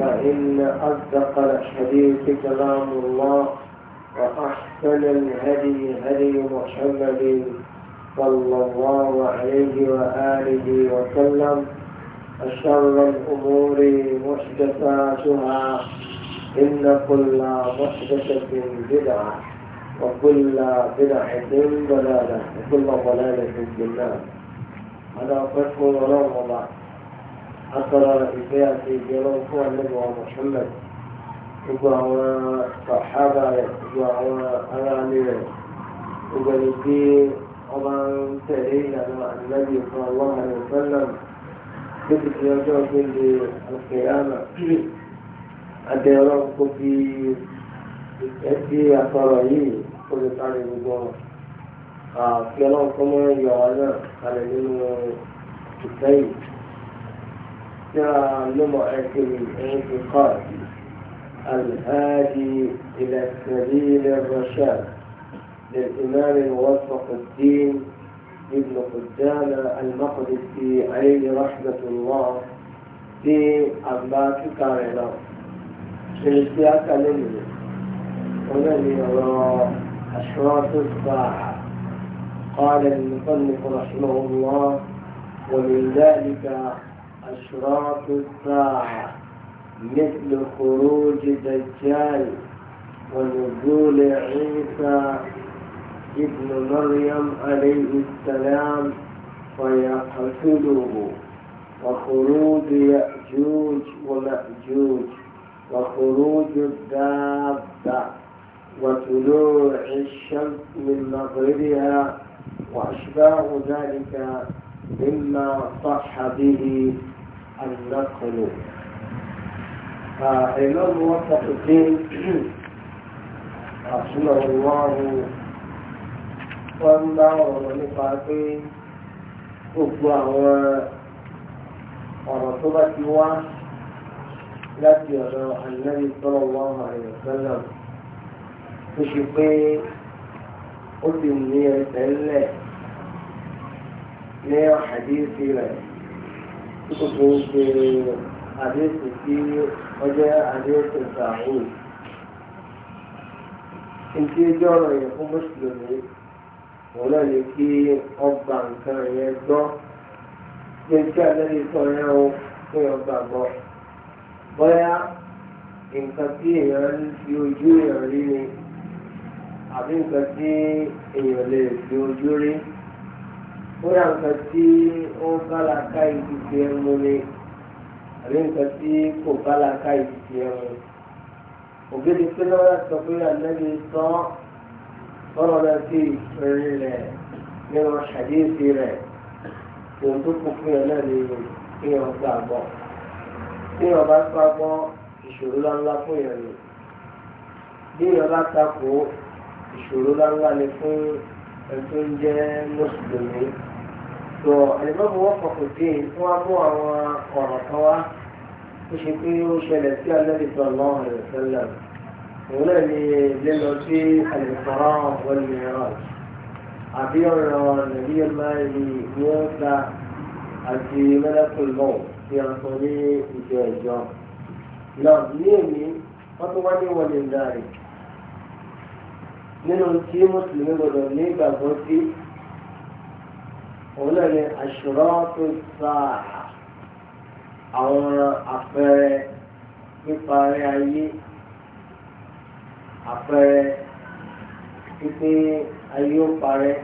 فإن أصدق الحديث كلام الله وأحسن الهدي هدي محمد صلى الله عليه وآله وسلم أشر الأمور محدثاتها إن كل محدثة بدعة وكل بدعة ضلالة وكل ضلالة في النار هذا قسم الله أثر إباعة جلال هو النبي محمد وقعوا صحابة وقعوا أرامل وقالوا ومن تهيل على النبي صلى الله عليه وسلم كتب يوجد في القيامة أدرك في أدي أثره كل تعالى بدون كلام كما يعلم على منه كتير لمعة الاعتقاد الهادي إلى سبيل الرشاد للإمام الموفق الدين ابن قدام المقدسي عليه رحمة الله في أباك في شركيا كلمني ومن يرى أشراط الساعة قال المصنف رحمه الله ومن ذلك أشراط الساعة مثل خروج دجال ونزول عيسى ابن مريم عليه السلام فيقتله وخروج يأجوج ومأجوج وخروج الدابة وطلوع الشمس من مغربها وأشباه ذلك مما صح به النقل الإمام موفق الدين رحمه الله wọ́n bá ọ̀rọ̀ nípa pé gbogbo àwọn ọ̀rọ̀ tó bá ti wá láti ọ̀dọ̀ ànábì sọ̀rọ̀ wọn àyè sọ́nà tó ṣe pé ó ti ní ẹsẹ̀ ńlẹ̀ ní àdéhùn rẹ̀ gbogbo gbèrè àdéhùn sí ọjọ́ àdéhùn sàáwò. Ìdí ẹjọ́ ọ̀rọ̀ yẹn fún Mùsùlùmí òun náà ní kí ọgbà nǹkan yẹn gbọ́. Ṣé kí àlẹ́lẹ́ sọ yẹn o pé ọgbà gbọ́? Bóyá nǹkan tí èèyàn ń fi ojú èèyàn rí ni àbí nǹkan tí èèyàn lè fi ojú rí bóyá nǹkan tí ó ń kálaka ìdìbò ẹnu ni àbí nǹkan tí kò kálaka ìdìbò ẹnu. ògidì pé lọ́wọ́ sọ pé ànábi sọ sọ̀rọ̀ náà sí ìfẹ́rẹ́ rẹ̀ nínú ṣàdéhìsí rẹ̀ tòun tó kún fún yẹn náà ni kéèyàn gbà gbọ́. kéèyàn bá gbà gbọ́ ìṣòro ńláńlá fún yẹn ni. bí yẹn bá takò ìṣòro ńláńlá ni fún ẹ̀tọ́ jẹ́ mùsùlùmí sọ àlùmọ́ọ̀mù wọn kọ̀ọ̀kan dé tí wọ́n mú àwọn ọ̀rọ̀ kan wá ó ṣe pé ó ṣẹlẹ̀ sí alẹ́bí sọ̀rọ̀ ọ̀rọ̀ sẹ́lẹ̀ òun náà ni lílọ sí àlùfọ́rọ̀ wọn ni ọ̀rọ̀ àbí ọ̀rọ̀ nàbí ọ̀la ni wọ́n ta àti mẹ́lẹ́kùnmọ́ tí a sọ ní ìjọ ìjọ náà ní èmi wọ́n tún wá wọlé ńlá rẹ̀ nínú tí mùsùlùmí gbọdọ̀ ní ìgbàgbọ́ sí òun náà ni àṣùrọ́tò sáà àwọn àpẹẹrẹ píparí ayé àpẹẹrẹ pípé ayé ó parẹ́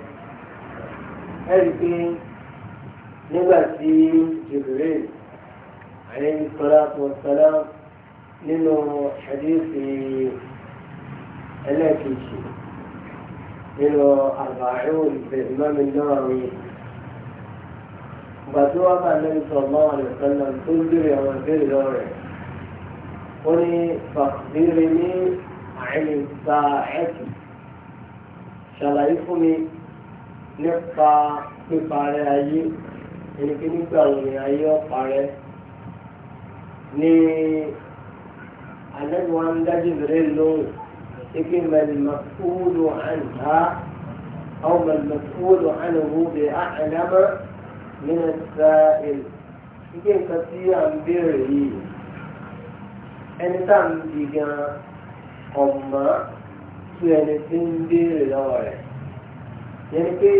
ẹ̀rí pé nígbà tí Jibril alayhi salatu wa salam nínú hadithi ẹlẹ́ẹ̀kejì nínú arba'un ìfẹ̀dùmọ́mi náà rèé gbàtí wọn bá lẹ́yìn sọ ọmọ àlùfẹ́lẹ̀ tó gbére àwọn ìbéèrè lọ rẹ̀ ó ní fàkìdírí ní àìní sa ẹ̀kì ṣàlàyé fún mi nípa píparẹ́ ayé ẹnikẹ́ nígbà wo ni ayé ọ̀parẹ́ ní alẹ́ wọn dájú bèrè lóhùn ike mẹ́lìmọ́ kúrò àná àwọn mẹ́lìmọ́ kúrò àná wo àná mọ́ nínú Israel nígbà nǹkan tí à ń béèrè yìí ẹni tá à ń bi gan ọ̀mọ́ tó ẹni tí ń béèrè lọ́wọ́ rẹ̀ yẹn ni pé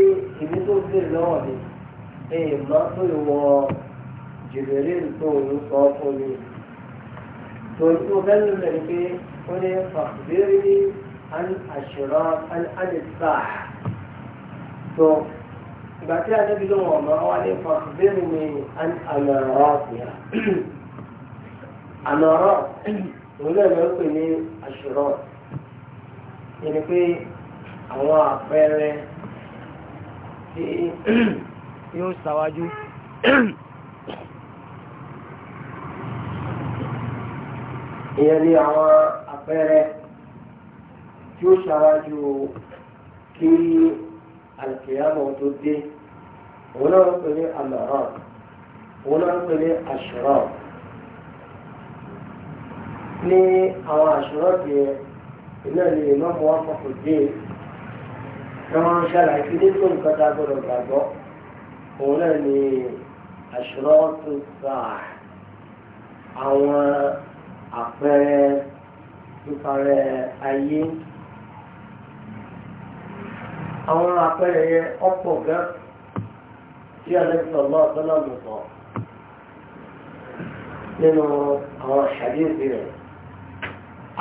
èmi tó béèrè lọ́wọ́ mi ẹ̀yìn mọ́ tó ìwọ jìbìrì tó ń sọ fún mi tòun tó fẹ́ lò lẹ́nu pé ó ní fàkùbẹ́rẹ́ ní àṣírọ́ àdìsáà tó ìgbà tí a níbi lóhùn ọ̀mọ́ wa ní fàkùbẹ́rù ni àmọ̀rọ̀ ọ̀sìn àmọ̀rọ̀ òun náà ló ń pè ní àṣùrọ̀ yẹni pé àwọn àpẹẹrẹ tí yóò ṣàwájú. ìyẹn ni àwọn àpẹẹrẹ tí ó ṣàwájú kí àlùkìyàmọ̀ tó dé òun náà ń pè ní àmọ̀ràn òun náà ń pè ní àṣùrọ̀ ní àwọn àṣùrọ̀ tiẹ̀ iná ni ìmọ̀mù wa fọkàn dé wọ́n ń ṣàlàyé kí nínú nǹkan tá a gbọ́dọ̀ gbàgbọ́ òun náà ni àṣùrọ̀ tó sáà àwọn àpẹẹrẹ píparẹ́ ayé àwọn àpẹẹrẹ yẹn ọ̀pọ̀ gan tí alẹ́sọ̀ lọ́wọ́ sọ́nà lò sọ nínú àwọn ṣàdéhùn rẹ̀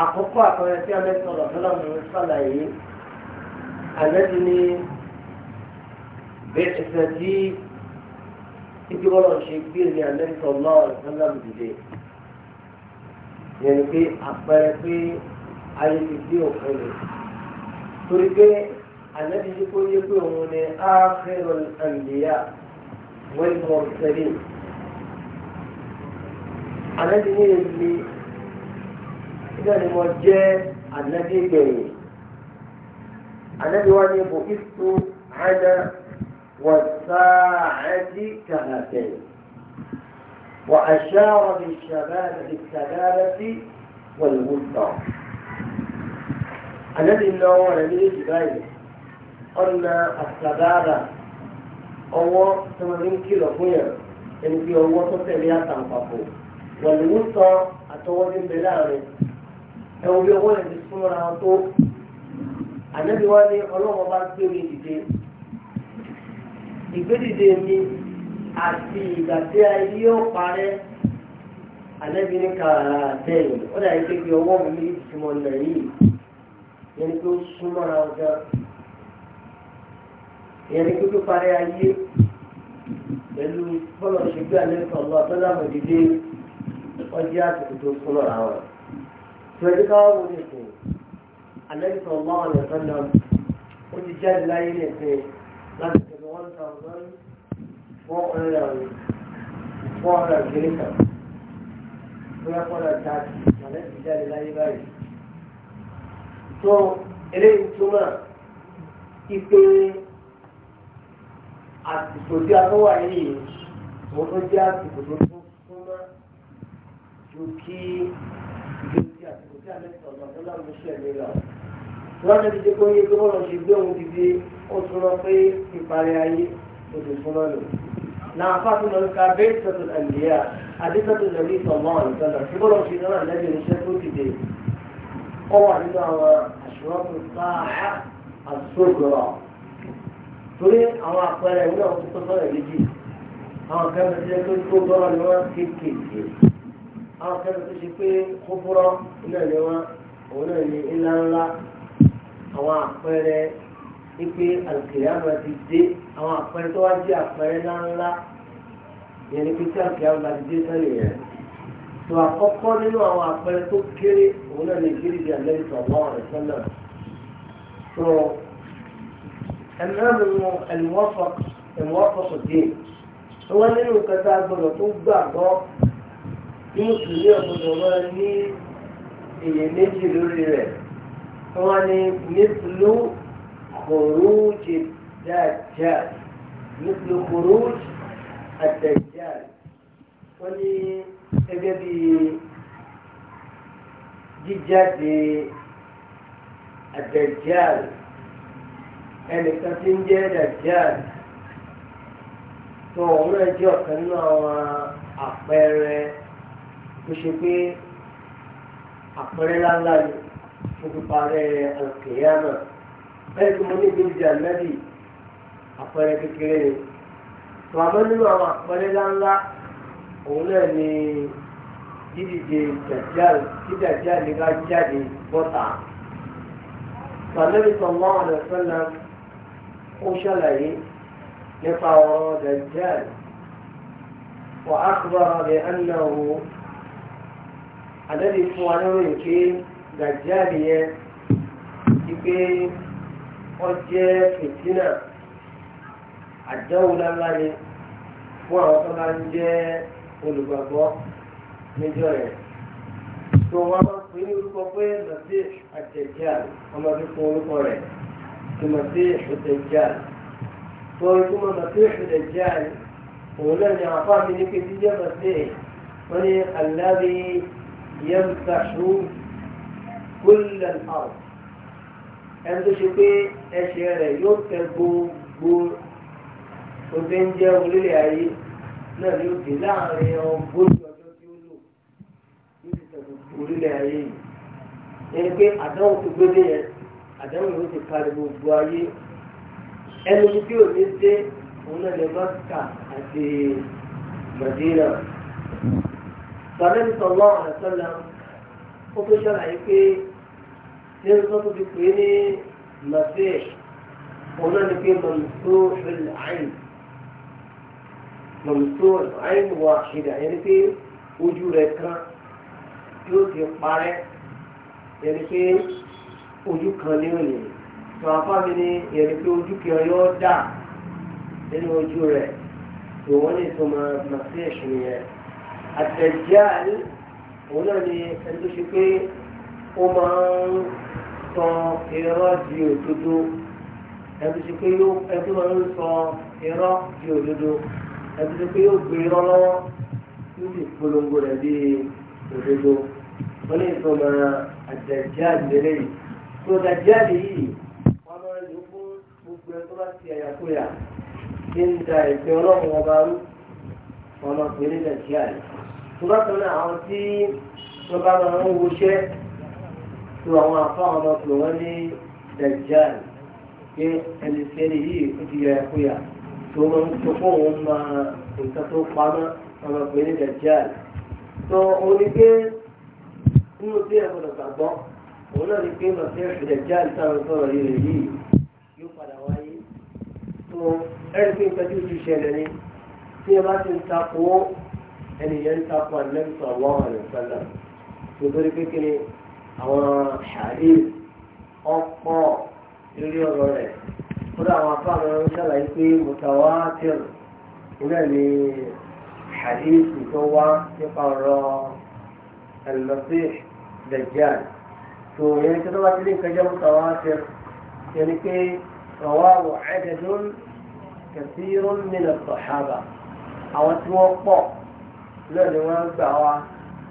àkọ́kọ́ àpẹẹrẹ tí alẹ́sọ̀ lọ́wọ́ sọ́nà lò sàlàyé alẹ́sì ni bẹ́ẹ̀ ṣe tí ibi wọ́n ṣe gbé ní alẹ́sọ̀ lọ́wọ́ sọ́nà lò الذي يكون يكون آخر الأنبياء والمرسلين الذي يلي إذا الموجه الذي جاي الذي وأن بئست على والساعة كهاتين وأشار بالشباب بالسلالة والوسطى الذي هو ولم يجب ọ̀nà àtàdáàdà ọwọ́ tí wọ́n fi ń kìlọ̀ fún yàn ẹni bí ọwọ́ tó tẹ̀lé àtàǹpàpọ̀ wọ̀lúwú sọ àtọwọ́ ní bẹ̀rẹ̀ àárín ẹ̀wọ̀n bí ọwọ́ yẹn ti súnmọ́ra wọn tó ànábi wá ní ọlọ́wọ́ bá gbé mi dìde ìgbédìde mi àti ìgbà tí a yóò parẹ́ ànábi ní kàrà tẹ̀yìn ó dà yìí pé bí ọwọ́ mi ti mọ̀ nà yìí yẹn súnmọ́ra wọn ìyẹn ní kúkú parí ayé pẹ̀lú bọ́lọ̀ ṣègbè àlẹ́kọ̀ọ́ lọ àtọ́lámọ̀ dídé ọjọ́ àsìkò tó kún lọ́ra wọn. tìrẹ̀dí káwọn wo ni sìn àlẹ́kọ̀ọ́ lọ́wọ́ àlẹ́ sọ́nà ó ti jáde láyé ní ẹ̀sìn láti tẹ̀lé one thousand four hundred and four hundred and three kan bóyá four hundred àlẹ́ ti jáde láyé báyìí. tó eléyìí túmọ̀ ìpè àsìkò tí a fún wà yìí mo tó jẹ́ àsìkò tó tún súnmọ́ ju kí ju ti àsìkò tí a mẹ́sàn-án náà tó láwọn oṣù mi lọ. wọ́n ti ti jẹ́ kó yẹ kí wọ́n lọ ṣe gbé ohun dídí ó tún lọ pé ìparí ayé ó ti súnmọ́ lò. náà fáfi lọ ka bẹ́ẹ̀ sọ̀tò nàìjíríà àdìsọ́tò nàìjíríà sọ̀mọ́ àlùfẹ́lẹ̀ tí wọ́n lọ ṣe náà lẹ́bi iṣẹ́ tó dìde. ó wà nínú àwọn àṣùwọ́n tó sáà àṣùwọ́n torí àwọn àpẹẹrẹ ìwé àwọn tó sọ̀rọ̀ méjì àwọn akẹ́kọ̀ọ́ tó ṣe pé tó gbọ́rọ̀ ni wọ́n kéékèèké àwọn akẹ́kọ̀ọ́ tó ṣe pé kókóró náà ni wọ́n òun náà ni ńlá ńlá àwọn àpẹẹrẹ ipe àlùkìyàmà ti dé àwọn àpẹẹrẹ tó wá jẹ́ àpẹẹrẹ ńlá ńlá yẹn ni pé tí àlùkìyàmà ti dé sẹ́lẹ̀ yẹn tó àkọ́kọ́ nínú àwọn àpẹẹrẹ tó kéré òun náà ni kéré di àlẹ́ ìtọ̀ ẹ̀mẹ́rin mu ẹ̀mọ́fọ̀sọ díẹ̀ tó wá nínú kẹta gbọdọ̀ tó gbàgbọ́ bí mùsùlùmí ọ̀gbọdọ̀ máa ní iyèméjì lórí rẹ̀ tó wá ní nípìlú kòrúùjì dáadáa nípìlú kòrúùjì àtẹ̀jáà wọ́n ní gẹ́gẹ́ bí jíjáde àtẹ̀jáà ẹnìkan tí ń jẹ́ dàjáàlì tó òun náà jẹ́ ọ̀kan nínú àwọn àpẹẹrẹ tó ṣe pé àpẹẹrẹ ńláńlá ni fún píparẹ́ àlùkìyà náà bẹ́ẹ̀ tí mo ní ìgbésí ànábì àpẹẹrẹ kékeré ni tó àmọ́ nínú àwọn àpẹẹrẹ ńláńlá òun náà ni dídìde dàjáàlì tí dàjáàlì bá jáde bọ́ta. Sàlẹ́bí sọ̀rọ̀ àwọn àlọ́ sọ́lá ó ṣàlàyé nípa ọ̀rọ̀ dajjal wà á kúbára rẹ̀ ẹnìyàwó àdẹ́bí fún wa lórí ìké dajjal yẹn ti pé wọ́n jẹ́ fìtínà àdánwò lálá ni fún àwọn tó bá ń jẹ́ olùgbàgbọ́ níjọ́ yẹn tó wọ́n máa ń orúkọ pé lọ́sí àtẹ̀jẹ́ àlè ọmọdé fún orúkọ rẹ̀. المسيح الدجال ويكون المسيح الدجال ولن يعطاه من كتير مسيح الذي يمسح كل الأرض ẹnitó ṣe pé ẹsẹ̀ rẹ̀ yóò tẹ gbogbo oúnjẹ orílẹ̀ ayé náà yóò dé láàrin ọgọ́jọ ọjọ́ tí ó lò yóò ti tẹ gbogbo orílẹ̀ ayé yìí ẹni pé àdáwò tó gbé dé yẹn àdáhùn ló ti kárí gbogbo ayé ẹnu tí ò ní dé òun náà lè mọ́ta àti mọ̀dínà. sọ̀rọ̀ sọ̀rọ̀ àtọ́nà ó tó ṣàlàyé pé ní ọjọ́ tó ti pè é ní màfẹ́ òun náà ni pé mọ̀mùsó ìlàáyìn mọ̀mùsó ìlàáyìn wà ṣẹlẹ̀ ẹni pé ojú rẹ̀ kan yóò ti parẹ́ ẹni pé ojú kan ní òní tó afá mi ní ìyẹn pé ojú kan yóò dà nínú ojú rẹ̀ tó wọ́n ní ìtumọ̀ màsí ẹ̀sùn yẹn àtẹ̀jáàlì òun náà ni ẹni tó ṣe pé ó máa ń tan irọ́ di òdodo ẹni tó ṣe pé ẹni tó máa ń sọ irọ́ di òdodo ẹni tó ṣe pé yóò gbé irọ́ lọ́wọ́ yóò sì polongo rẹ̀ di òdodo wọ́n ní ìtumọ̀ àtẹ̀jáàlì lélẹ́yìí tó dàjáde yìí wọn máa ń fún gbogbo ẹ tó bá ti àyàkóyà tí ń da ẹ̀sìn ọlọ́run ọba rú wọn máa pè ní dàjáde tó àwọn tí wọn bá máa ń woṣẹ́ tó àwọn afọ ọmọ pè wọ́n ní dàjáde pé ẹni sẹ́ni yìí ó ti àyàkóyà tó máa tó fún òun máa nǹkan tó pamọ́ ọmọ pè ní dàjáde tó onígbé nínú tí ẹ̀ gbọ́dọ̀ gbàgbọ́ òun náà ni pé màtí ẹ̀fẹ̀dẹ̀ já ìtàn sọ̀rọ̀ yìí rẹ̀ yìí yóò padà wáyé tó ẹ̀rí pé nǹkan tí ó ti ṣẹlẹ̀ ni tí ẹ bá ti ń takò ẹnìyẹn ń takò ànẹ́bùsọ̀ àwọn àlùfẹ́lá nítorí pé kí ni àwọn ṣàdé ọ̀pọ̀ lórí ọ̀rọ̀ rẹ̀ kódà àwọn afá àwọn ọ̀rọ̀ ṣàlàyé pé mùtàwátìrì ìlẹ̀ ni ṣàdé tó wá nípa ọ̀rọ̀ ẹ̀lọ́sí dẹ̀jáde tó yẹn tó tó bá ti lé nǹkan jẹ́ mutawatir yẹn pé rawahu adadun kathirun min as-sahaba àwọn tí wọ́n pọ̀ lọ́ọ̀ ni wọ́n gbà wá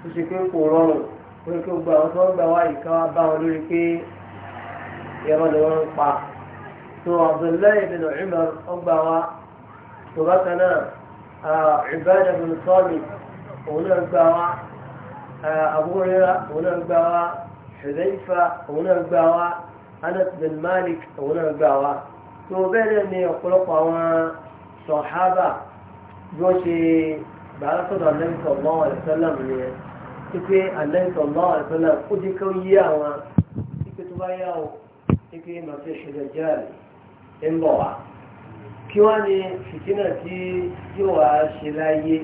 tó ṣe pé kò rọrùn wọ́n ní kí gbogbo àwọn tó ń gbà wá ìka wá bá wọn lórí pé ẹ̀rọ ni wọ́n ń pa tó Abdullahi bin Umar ọgbà wá tó bákan náà Ubadah bin Samit òun náà gbà wá Abu Hurairah òun náà gbà wá. حذيفة هنا الباوة أنس بن مالك هنا الباوة وبين يقلقوا صحابة جوشي بعد صدر النبي صلى الله عليه وسلم إيه النبي صلى الله عليه وسلم أدركوا إياه إيه تبايعوا إيه مسيح الدجال إنبوا kí wá كيواني في كنا yóò جوا ṣe láyé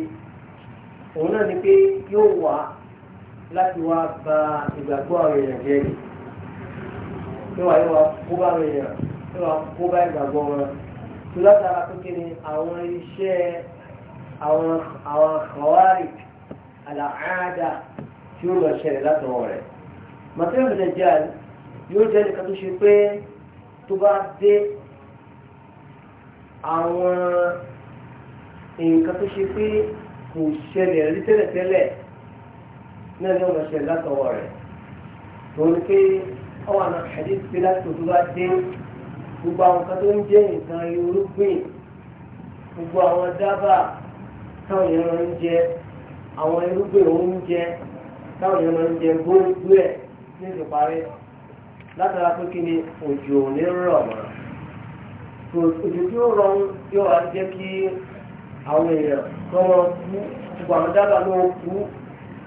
òun náà láti wá ba ìgbàgbọ́ àwọn èèyàn jẹ́ ni yóò wá yóò wá kó bá àwọn èèyàn yóò wá kó bá ìgbàgbọ́ wọn tó látara tó kí ni àwọn iṣẹ́ àwọn àwọn kọ̀wárì àlàáda tí ó lọ ṣẹlẹ̀ látọwọ́ rẹ̀ màtẹ́rẹ̀ bẹ̀rẹ̀ yóò jẹ́ nìkan tó ṣe pé tó bá dé àwọn nǹkan tó ṣe pé kò ṣẹlẹ̀ rí tẹ́lẹ̀tẹ́lẹ̀ náà ni wọ́n ṣe látọwọ́ rẹ̀ tòun pé ọwọ́ àná ṣẹ̀dí pé láti òtún bá dé gbogbo àwọn kan tó ń jẹ́ nǹkan irúgbìn gbogbo àwọn dábàá táwọn èèyàn máa ń jẹ àwọn irúgbìn oúnjẹ táwọn èèyàn máa ń jẹ gbogbo ẹ̀ ní ìparí látara pé kí ni òjò ò ní rọ̀ òjò tí ó rọ yóò wá jẹ́ kí àwọn èèyàn kọ́ wọn gbogbo àwọn dábàá ló kú.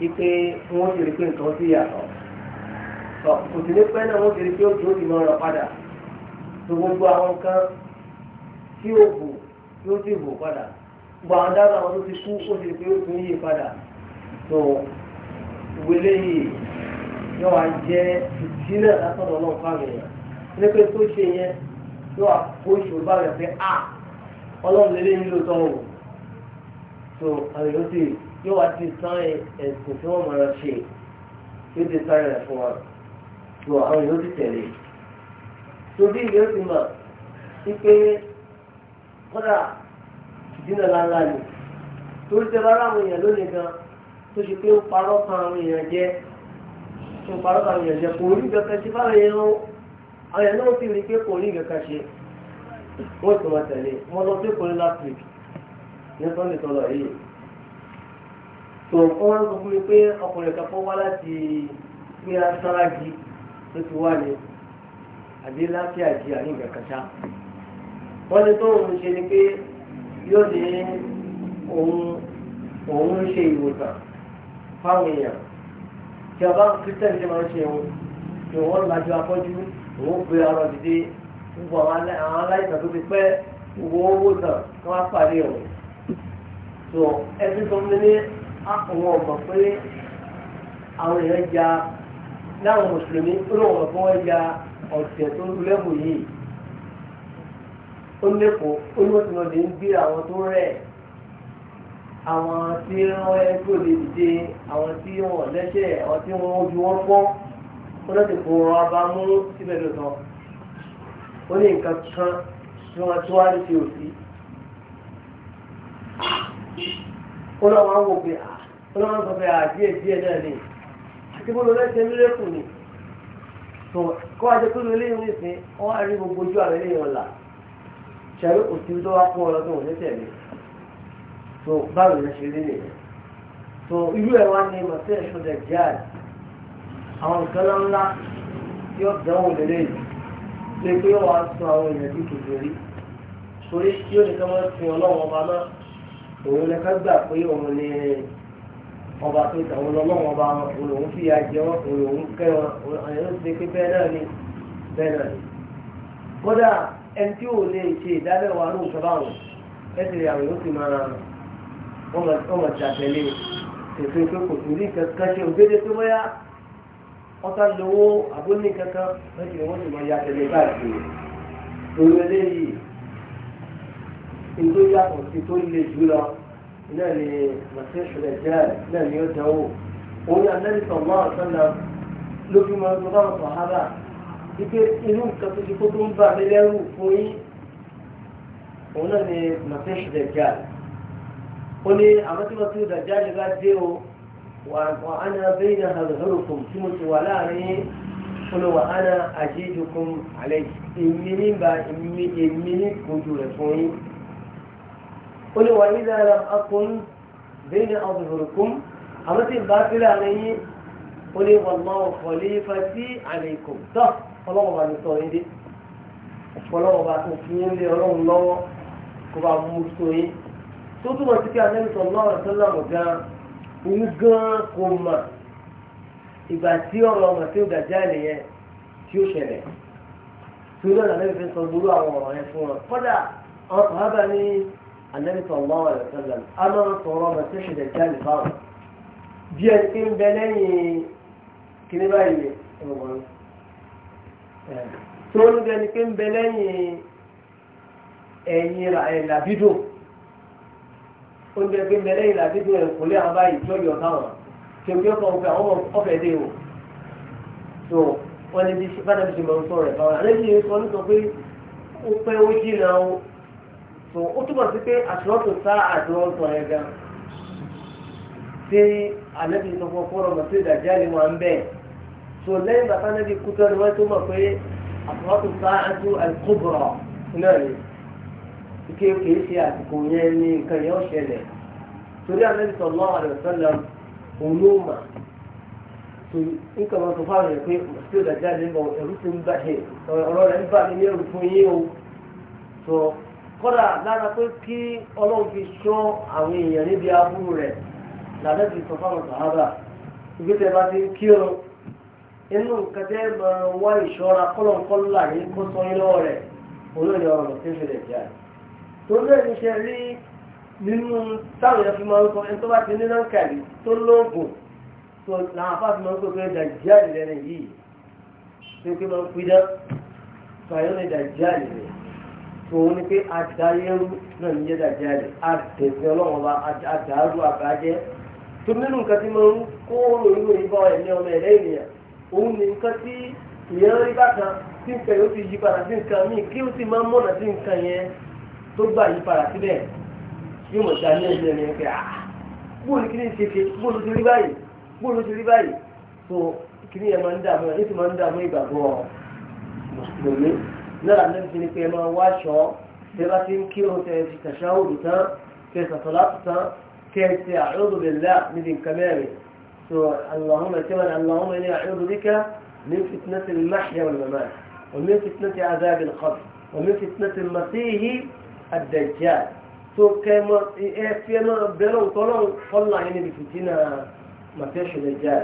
ipe wọ́n ti rí pé nǹkan sí yàtọ̀ kò sí ní pẹ́ náà wọ́n ti rí pé ó tó ti máa ràn padà tó gbogbo àwọn nǹkan tí ó bò tí ó sì bò padà gbogbo àwọn dábàá àwọn tó ti kú ó ti rí pé ó tún yí padà tó wọlé yìí yóò wá jẹ́ ìdílẹ̀ látọ̀dọ̀ náà fáwọn èèyàn ní pé tó ṣe yẹn yóò wá kó ìṣòro bá rẹ̀ pé a ah! ọlọ́run lè lé nílò tọ́wọ̀ tó àwọn èèyàn sì rí yóò wá ti san ẹ̀sìn tí wọ́n máa ṣe yóò ti sáré rẹ̀ fún wa tó àwọn yóò ti tẹ̀lé torí yóò ti mọ̀ wípé kódà ìdínà lánlá ni torí tẹ bá láwọn èèyàn lónìí gan tó ṣe pé ó parọ́ kan àwọn èèyàn jẹ́ tó parọ́ kan àwọn èèyàn jẹ́ kò rí kankan ṣe báwọn èèyàn ó àwọn èèyàn náà ti rí pé kò rí kankan ṣe wọ́n ti mọ̀ tẹ̀lé wọ́n lọ sí kòrí last ní sunday tọ́lọ̀ yìí tó wọ́n ń sọ fún mi pé ọkùnrin kan fọ́ wá láti pé asárági tó ti wà ní àbí láfíà di àríǹkà kàṣá wọ́n ní tó òun ṣe ni pé yóò ní òun òun ń ṣe ìwòsàn fáwọn èèyàn tí a bá kírísítẹ́nì ṣe máa ń ṣe òun tí wọ́n lajú afọ́jú òun gbé ara dìde gbogbo àwọn aláìsàn tó ti pẹ́ gbogbo owó sàn kí wọ́n pàdé òun àwọn ọ̀mọ̀ pé àwọn èèyàn ja láwọn mùsùlùmí olóhùn ọ̀pọ̀ wọn ja ọ̀sẹ̀ tó lẹ́mù yìí ó lẹ́kọ̀ọ́ olóòtúnọ̀dé ń gbé àwọn tó rẹ̀ àwọn tí wọ́n yẹ kó lè dìde àwọn tí wọ́n lẹ́sẹ̀ àwọn tí wọ́n ojú wọn pọ́ wọ́n lọ́ọ́ ti kó wọn bá mú síbẹ̀ lọ́tọ̀ ó ní nǹkan kan tí wọ́n tó wá ní ti òsì ó lọ́ọ́ wọn wò pé à ọlọ́run sọ pé àdíẹ̀ díẹ̀ náà ni àti bó lọ́lẹ́ ṣe nílé kù ni tó kọ́ ajé kúrò ilé yìí nìsín wọ́n á rí gbogbo ojú àwọn eléyìí ọ̀la ṣàrí òtí tó wá kún ọlọ́ tó wọ́n ní tẹ̀lé tó báwo ni ṣe rí nìyẹn tó irú ẹ̀ wá ní mọ̀tẹ́ ìṣọ̀dẹ̀ jáde àwọn nǹkan ńláńlá tí ó dánwò lélẹ̀ yìí lé pé ó wàá sọ àwọn èèyàn bí kékeré torí tí ó nìkan máa ń ọlọ́run ọba náà òun lẹ́ka ọba tó tàwọn ọlọ́wọ́n ọba wọn olóhùn fìyà jẹ wọn olóhùn kẹ wọn àyẹ̀wò ti pé bẹ́ẹ̀ náà ni bẹ́ẹ̀ náà ni. kódà ẹni tí ò lè ṣe ìdábẹ́ wa ló ń sọ báwọn ẹsẹ̀ rẹ̀ àwọn yóò ti máa ọmọ ìtàtẹ̀lé ètò ìpè kò sí ní kankan ṣe ògbédè tó bóyá ọ̀tá lówó àbóní kankan wọ́n ti ti máa ya tẹ̀lé káàkiri lórí eléyìí nítorí àkànṣe tó le jù lọ náà ni masiṣu dajjal náà ni ó dánwò òun ni anabi sallallahu alaihi wasallam ló fi máa ń sọ fáwọn sàhábà wípé inú nǹkan tó ti kó tó ń bà mí lẹ́rù fún yín òun náà ni masiṣu dajjal ó ní àwọn tí wọ́n ti dajjal lè bá o wà á ana ajidukum alayhi èmi ní ba èmi ní kojú ó ní wà nílẹ̀ ara akun bẹ́ẹ̀ ni ọ̀dùnrùkún àwọn tí bá sílẹ̀ àná yín ó ní wallahu khalifati alaykum tọ́ ọlọ́wọ́ bá ní sọ yín dé ọlọ́wọ́ bá tó fi yín lé ọlọ́run lọ́wọ́ kó bá mú sọ yín tó túmọ̀ sí pé Ànábì sallallahu alaihi wasallam gan òun gan kò mà ìgbà tí ọ̀rọ̀ ọmọ tí ó dàjà nìyẹn tí ó ṣẹlẹ̀ tí ó lọ́nà Ànábì fi sọ gbúrú àwọn ọ̀rọ̀ yẹn fún wọn kọ́dà àwọn sàhábà ní Ànábì sallallahu alaihi wasallam a máa ń sọ̀rọ̀ ọmọ tó ṣẹlẹ̀ jáde báwọn bí ẹ ti ń bẹ lẹ́yìn kíní báyìí ẹ̀wọ̀n tó ń bẹ ni pé ń bẹ lẹ́yìn ẹ̀yìn làbídò ó ń bẹ pé ń bẹ lẹ́yìn làbídò ẹ̀kúnlé àwọn báyìí tó yọ táwọn tó ń gbé so ó túbọ̀ sí pé àṣírọ́tò sá àdúrọ́tò ẹ̀ gan tí ànábì sọ fún ọkọ̀ mọ̀ sí ìdàjá ni wọ́n ń bẹ̀ so lẹ́yìn bàtà ànábì kú tán ni wọ́n tó mọ̀ pé àṣírọ́tò sá àdú àìkúbọ̀rọ̀ náà ni ike kìí ṣe àsìkò yẹn ní nǹkan yẹn ó ṣẹlẹ̀ torí ànábì sọ lọ́wọ́ àdàbọ̀ so nǹkan wọn sọ fáwọn yẹn pé mọ̀ sí ìdàjá kọ́dà lára pé kí ọlọ́run fi ṣọ́ àwọn èèyàn níbi aburú rẹ̀ làbẹ́ fi sọ fáwọn sàhábà ìgbésẹ̀ bá ti ń kírun inú kẹtẹ́ máa wá ìṣọ́ra kọ́lọ̀kọ́lá ní kó sọ iná rẹ̀ olóòrè ọ̀rọ̀ tí ń fi lè jẹ́ tó lóòrè ṣe rí nínú táwọn èèyàn fi máa ń sọ ẹni tó bá ti ní lọ́nkàlì tó lóògùn tó làwọn afáàfi máa ń sọ pé dàjíàlì lẹ́nu yìí tó kí máa ń pidán tó àyọ́ ní dàjíàlì rẹ̀ òun ni pé adáyẹrú náà ń yé dàjà rẹ̀ àdẹ̀fẹ́ ọlọ́wọ́n bá àdàrú àbájẹ́ tó nínú nǹkan tí máa ń kó ròyìn òyìn bá ẹ̀mí ọmọ ẹ̀rẹ́ ènìyàn òun ni nǹkan tí ìyẹn rí tí ti yí padà sí nǹkan míì kí ó sì máa ń mọ̀nà sí nǹkan yẹn tó gbà yí padà síbẹ̀ yóò mọ̀ sí pé ah, ṣe ti rí báyìí bóòlù ti rí náà lẹ́nu fi ni pé ẹ máa wá aṣọ tẹ bá ti ń kírun tẹ ti tàṣáhùdù tán tẹ sàtọ́látù tán tẹ ti a'udhu billah níbi nǹkan mẹ́rin so allahumma kẹ́wọ́n allahumma inni a'udhu bika min fitnati al-mahya wal-mamat wa min fitnati 'adhab al-qabr wa min fitnati al-masih ad-dajjal tó kẹ́mọ́ ẹ̀fẹ́ náà bẹ̀rẹ̀ òtọ́lọ́ fọ́nà yẹn níbi fìtínà màtẹ́sù lè jẹ́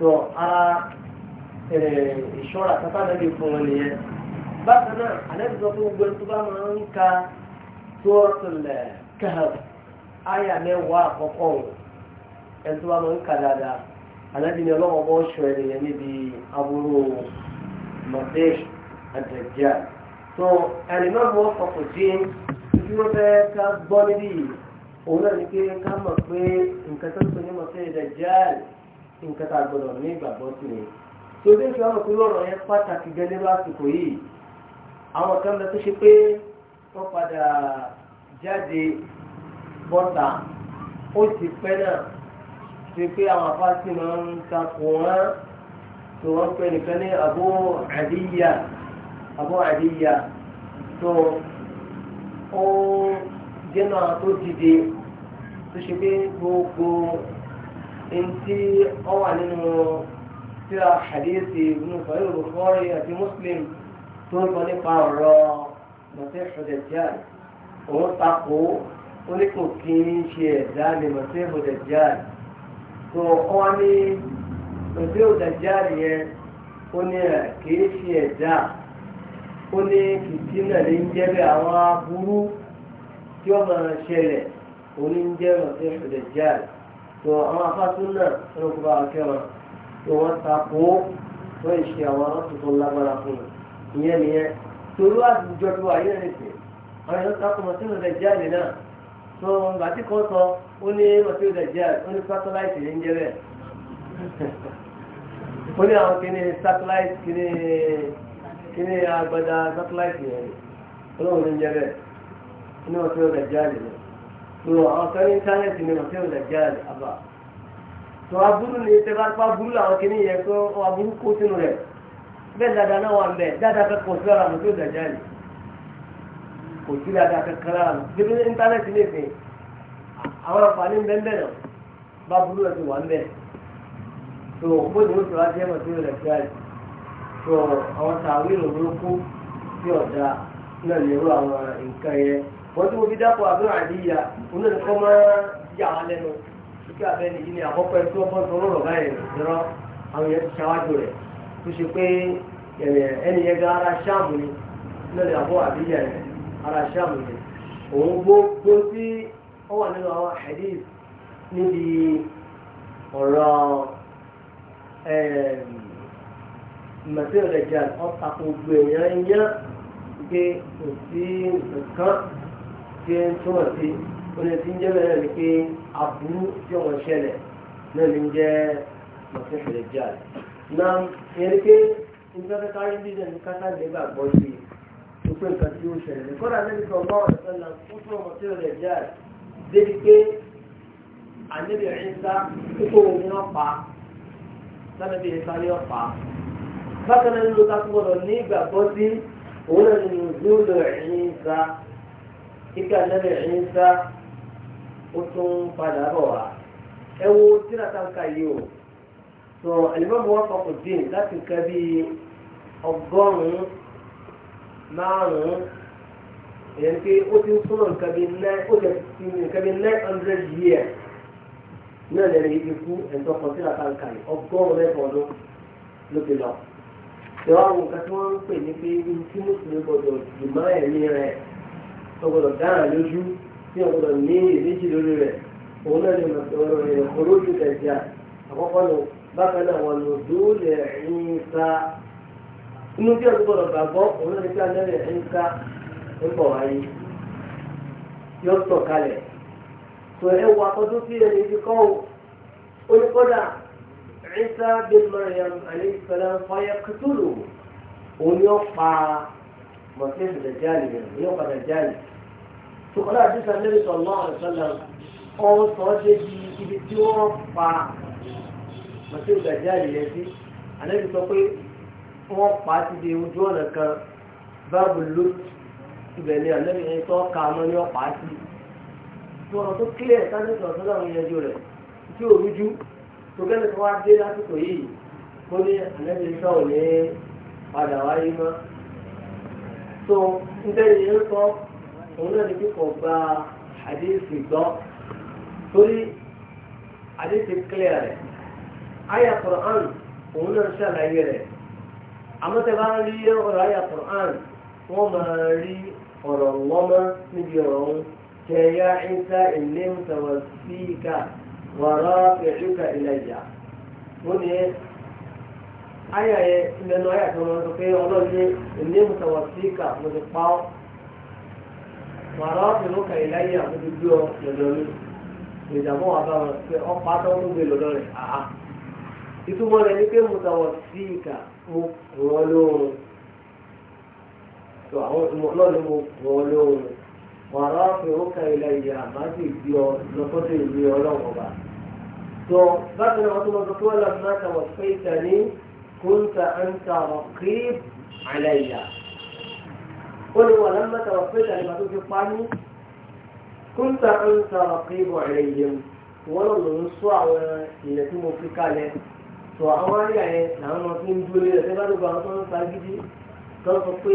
tó ara ìṣọ́ra tátà náà lè fún wọn nìyẹn bákan náà àlẹ́bí sọ fún gbogbo tó bá máa ń ka sọ́ọ̀tùlẹ̀ kẹhàb áyà mẹ́wàá àkọ́kọ́ ẹni tó bá máa ń ka dáadáa àlẹ́bí ni ọlọ́wọ́ bọ́ ṣọ ẹnìyẹn níbi aburú mọ̀tẹ́ àdẹ̀jà tó ẹni náà mọ́ fọkùn sí ibi wọ́n fẹ́ ká gbọ́ níbí òun náà ni pé ká mọ̀ pé nǹkan tó ń pè ní mọ̀tẹ́ àdẹ̀jà nǹkan tá a gbọ́dọ̀ ní ìgbàgbọ́ sí ni tòbí ìfẹ́ ọ̀rọ̀ pé lọ́rọ̀ yẹn pàtàkì gẹ́gẹ́ lásìkò yìí àwọn kan lọ tó ṣe pé wọ́n padà jáde bọ́ta ó ti pẹ́ náà ṣe pé àwọn afáàsì máa ń takò wọ́n tó wọ́n pẹ́ nìkan ní Abu Adiya Abu Adiya tó ó jẹ́nà tó dìde tó ṣe pé gbogbo ntí ọ wà nínú tíra hadithi nínú sọ̀rọ̀ Bukhari àti Muslim tó ń sọ nípa ọ̀rọ̀ mọ̀tẹ́ ìfọ̀dẹ̀já òun takò ó ní kò kí ń ṣe ẹ̀dá ní mọ̀tẹ́ ìfọ̀dẹ̀já tó wọ́n ní mọ̀tẹ́ ìfọ̀dẹ̀já yẹn ó ní kì í ṣe ẹ̀dá ó ní fìtínà ní ń jẹ́ bí àwọn aburú tí wọ́n máa ṣẹlẹ̀ òní ń jẹ́ mọ̀tẹ́ ìfọ̀dẹ̀já tó àwọn afásún náà ló kó bá wọn kẹ́wọn tó wọ́n takò wọ́n ṣe ìyẹn nìyẹn torí àtijọ́ tó wà yẹn nìyẹn àwọn èèyàn takò mọ̀sílù dẹ̀jáàlì náà tó ìgbà tí kan sọ ó ní mọ̀sílù dẹ̀jáàlì ó ní sátáláìtì ní jẹ́ bẹ́ẹ̀ ó ní àwọn kìíní sátáláìtì kìíní kìíní agbada sátáláìtì yẹn olóhùn ní jẹ́ bẹ́ẹ̀ ó ní mọ̀sílù dẹ̀jáàlì náà tó àwọn kan ní íńtánẹ́ẹ̀tì ní mọ̀sílù dẹ̀jáàlì àbá tó aburú ni tẹ́fà burú làwọn kìíní yẹn kó aburú kó sínú rẹ̀ bẹ́ẹ̀ dáadáa náà wà ń bẹ̀ dáadáa fẹ́ kọ̀ sí ara mi tí ó dàjà ni kò sí dáadáa fẹ́ kan lára mi débi ní íńtánẹ́ẹ̀tì ní ìsìn àwọn àǹfààní ń bẹ́ẹ̀ náà bá burú ẹ̀ ti wà ń tó bó ni ó sọ̀rọ̀ ajẹ́ mọ̀tí rẹ̀ fi àyè tó àwọn tàwí rò burúkú tí ọ̀dà náà lè rú àwọn nǹkan yẹn wọ́n tí mo fi dápọ̀ àbúrò àdìyà òun náà máa yà wá lẹ́nu kíkẹ́ àbẹ́ni yìí ni àkọ́kọ́ ẹ̀ tí wọ́n tó ṣe pé ẹni yẹn gan ara ṣáàmù ni lọ́dẹ̀ àbọ̀ àbíyà rẹ̀ ara ṣáàmù ni òun gbogbo tí ó wà nínú àwọn hadith níbi ọ̀rọ̀ mẹ̀tẹ́rẹ̀ jà ọ̀tàkùn gbẹ̀yàn yẹn pé kò sí nǹkan tí ń túmọ̀ sí oní tí ń jẹ́ bẹ́ẹ̀ ni pé aburú tí na ṣẹlẹ̀ náà ń na yẹn pé nítorí káyọ̀ dídẹ̀ ní kátà lè gbàgbọ́ sí i tó pé nǹkan tí ó ṣẹlẹ̀ kọ́dà lẹ́yìn tó ọgbà ọ̀rẹ́ sọ́nà ó tún ọmọ tí ó rẹ̀ jẹ́ débi pé àníbi ìrìnsá kíkó omi náà pa lábẹ́bí ìrìnsá ní ọ̀pá bákan náà ló dákú gbọdọ̀ ní ìgbàgbọ́ sí so alimami wọn kọ kò dín láti kẹ bí ọgọ́rùn-ún márùn-ún èyàn pé ó ti ń súnmọ́ nǹkan bí nine ó ti ti nǹkan bí nine hundred years náà lẹ́nu yìí kú ẹ̀ńtọ́ kan sí àtàǹkà yìí ọgọ́rùn-ún mẹ́fọ̀ ọdún ló ti lọ. ìwà àwọn nǹkan tí wọ́n ń pè ní pé ibi tí mùsùlùmí gbọdọ̀ jùmọ́ ẹ̀mí rẹ̀ tó gbọdọ̀ dáhà lójú tí wọ́n gbọdọ̀ ní èméjì lórí rẹ̀ òun náà ni ọ̀rọ̀ ìrẹ̀kọ́ lójú kẹ̀kẹ́ àkọ́kọ́ náà bákan náà wọn lò dúlẹ̀ ẹ̀yìnká inú bí ọdún gbọdọ̀ gbàgbọ́ òun ní ká lẹ́rẹ̀ ẹ̀yìnká ń bọ̀ wáyé yọ sọ̀ kalẹ̀ tó ẹ wà ọdún tí ẹ lè fi kọ́ ọ oníkọ́dà ẹ̀yìnká bí Maryam àlẹ́sẹ̀lẹ̀ fọyẹ́ kútùlù òun yóò pa mọ̀tẹ́sì dàjáàlì rẹ̀ yóò pa dàjáàlì tó kọ́dà àdúgbò àlẹ́sẹ̀ lọ́wọ́ àlẹ́sẹ̀ lọ́wọ́ ọ̀ sọ́ọ́ mọ̀tí ìgbàjáde yẹn sí ànábì sọ pé wọ́n pa á ti di ojú ọ̀nà kan báàbù ló ibẹ̀ ni ànábì yẹn tó ka ọmọ ní ọ̀pá sí tí ọ̀rọ̀ tó kílẹ̀ sáré sọ̀rọ̀ sọ́dọ̀ àwọn ìyẹn ju rẹ̀ tí ò rújú tó kẹ́lẹ́ tó wá dé lásìkò yìí kó ní ànábì sọ ò ní padà wáyé mọ́ tó ń tẹ́lẹ̀ yẹn sọ òun náà ní kíkọ̀ gba àdéhùn gbọ́ torí àdéhùn kílẹ̀ rẹ̀ àyà Qur'an òun náà ṣàlàyé rẹ̀ àmọ́ tẹ bá ń rí ọ̀rọ̀ àyà Qur'an wọ́n máa rí ọ̀rọ̀ lọ́mọ níbi ọ̀rọ̀ ọ̀hún kẹ̀yà ìta ilé ń sọ̀rọ̀ sí ìka wàrà kẹ̀kẹ́kà ìlàjà wọ́n ní àyà yẹ lẹ́nu àyà tó máa sọ pé ọlọ́ọ̀ni ilé ń sọ̀rọ̀ sí ìka mo ti pa ọ́ wàrà kẹ̀kẹ́kà ìlàjà mo ti gbé ọ lọ́dọ̀ mi ìjàmọ́ wà bá wọn pé ọ ìtumọ̀ rẹ̀ ni pé mo tàwọ̀ sí ìkà mo kùn ọ́ lóhun tó àwọn ọlọ́ọ̀ni mo kùn ọ́ lóhun wàrà fèrúkà ilẹ̀ ìyá má sì di ọ lọ́sọ́dọ̀ ìlú ọlọ́run sí ìkà ní kóńtà ń ta ọ̀kí àlẹ́ ìyá ó ní wọ́n lọ́ọ́ máa tàwọ̀ tó fi pa tó àwọn àyà yẹn làwọn ọmọ tó ń dúró lé ẹsẹ bá ló gba àwọn tó ń fa gidi tó ń sọ pé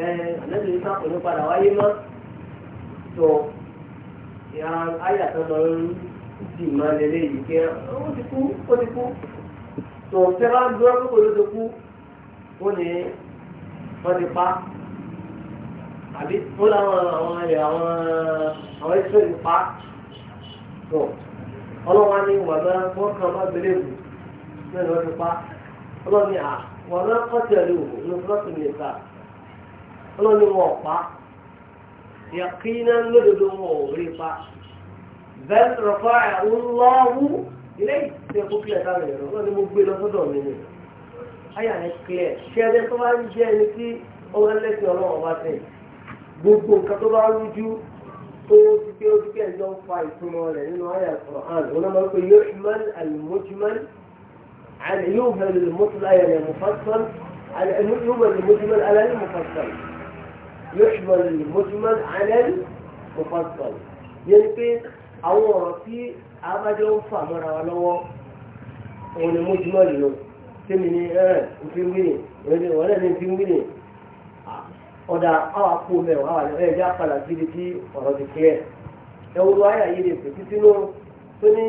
ẹ ànábì ní sáà kò ní padà wáyé mọ́ tó àyà tó lọ ń dì mọ́ lélẹ́ yìí kí ó ti kú ó ti kú tó ṣe bá ń dúró kókò ló ti kú ó ní wọ́n ti pa àbí ó láwọn àwọn ẹ̀yà àwọn àwọn ẹ̀ṣọ́ ìpa tó ọlọ́wọ́n á ní wàgbá wọ́n kàn má gbélé wù mẹ́rin wọ́n ti pa ọlọ́ni à wọ́n náà kọ́tẹ̀lú ní fúlọ́tì nìta ọlọ́ni wọn pa yàkínà lódodo wọn ò rí pa bẹ́ẹ̀ rọ̀fà ọlọ́wù ilé ìsìn kó kílẹ̀ sáré rẹ̀ ọlọ́ni mo gbé lọ sọ́dọ̀ mi ni ayà ni kílẹ̀ ṣẹ́ẹ́dẹ́ tó bá ń jẹ́ ẹni tí ọmọ ẹlẹ́sìn ọlọ́wọ́ bá tẹ̀ gbogbo nǹkan tó bá rújú tó ti gbé ó ti gbé ẹjọ́ ń fa ìtumọ̀ rẹ̀ nínú ayà kọ̀ọ̀hán òun náà máa ń pè yóò ṣùgbọ́n àlùmọ́júmọ́ni. عن يوهل المطلق يعني المفصل على يوهل المجمل على المفصل يحمل المجمل على المفصل يلقي أو رفي أبدا فمر على المجمل له تمني آه وتمني ولا تمني ọ̀dà àwọn àpò mẹ́wàá wà lọ́wọ́ ẹ̀jẹ̀ àpàlà síbi tí ọ̀rọ̀ ti kílẹ̀ ẹ̀wọ̀n ayé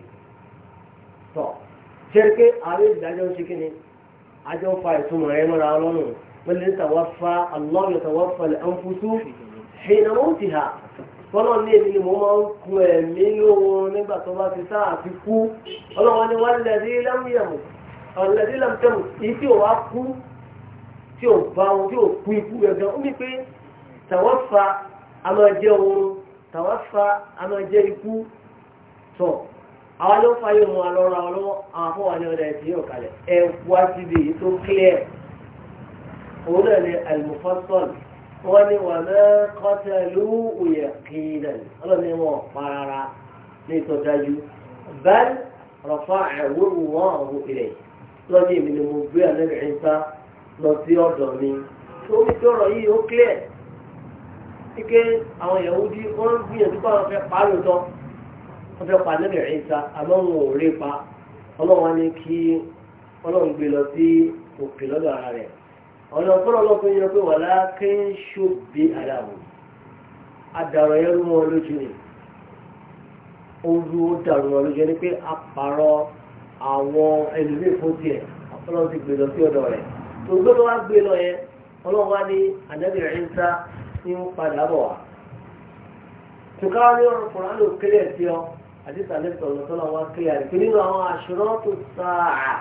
tọ̀ ṣé pé àwọn ìdájọ́ ń ṣe kí ni àjọ fa ìtumọ̀ rẹ mọ́ra ọlọ́run wọ́n lè tàwọ́ fa aláwọ̀ tàwọ́ fa ẹnfúsú ìnáwó ti hà fọlọ́ ní èmi ni mo máa ń kun ẹ̀mí lóhun nígbà tó bá ti sáà fi kú ọlọ́wọ́n ni wọ́n lẹ̀ sí lámúyàmù ọ̀lẹ́dí làmùtẹ́mù èyí tí ò wá kú tí ò bá wọn tí ò kú ikú ẹ̀gbẹ́ ó ní pé tàwọn fa a máa jẹ oorun fa a máa ikú tọ̀ àwọn ló ń fa yóò mú wa lọ́rọ̀ àwọn olówó àwọn afọ́wà ní ọ̀dà ẹ̀sìn yóò kalẹ̀ ẹ wá síbi èyí tó clear òun náà ni almufassal wọ́n ní wà náà qatalu yaqinan ọlọ́ni wọn pa rárá ní ìtọ́jájú bal rafa'ahu Allahu ilayhi lọ́dún èmi ni mo gbé àlẹ́ ìta lọ sí ọ̀dọ̀ mi tó ní kí ọ̀rọ̀ yìí ó clear ike àwọn Yahudi wọ́n gbìyànjú wọ́n fẹ́ pa níbi ìrìnsà àmọ́ wọn ò rí pa ọlọ́run á ní kí ọlọ́run gbé lọ sí òkè lọ́dọ̀ ara rẹ̀ ọ̀nà fọ́nà ọlọ́pẹ́ yẹn pé wà láàkí ń ṣòbí aláwọ̀ adàrọ̀ yẹn rú wọn lójú ni ooru dàrú wọn lójú ni pé apàrọ̀ àwọn ẹlòmíì fún tiẹ̀ ọlọ́run ti gbé lọ sí ọ̀dọ̀ rẹ̀ tó gbọ́dọ̀ wá gbé lọ yẹn ọlọ́run wá ní ànábì Ìsá ní ń padà bọ̀ wá tùkọ́ ní ọ̀rọ̀ kùnrin ló kéré ẹ̀ sí ọ àdìsá lẹ́sọ̀ lọ́sọ́lá wá kílẹ̀ àdìsá nínú àwọn àṣírọ́ tó sáà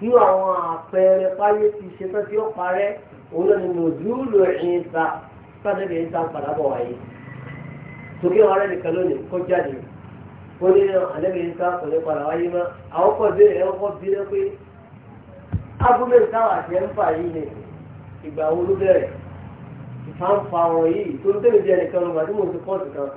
nínú àwọn àpẹẹrẹ páyé ti ṣe tán tí ó parẹ́ òun náà ni nùdúlù ẹ̀yìn ta sádẹ́gẹ̀ ẹ̀yìn ta padà bọ̀ wáyé tòkè wọn rẹ̀ nìkan lónìí kó jáde ó ní àlẹ́gẹ̀ ẹ̀yìn ta kò ní padà wáyé mọ́ àwọn kọ̀ bí ẹ̀ ọkọ̀ bí lẹ́ pé ábúlé táwọn àti ẹ̀ ń fà yìí ni ìgbà wo ló bẹ̀rẹ̀ ìfáǹfà ọ̀rọ̀ yìí tó ń tẹ̀lé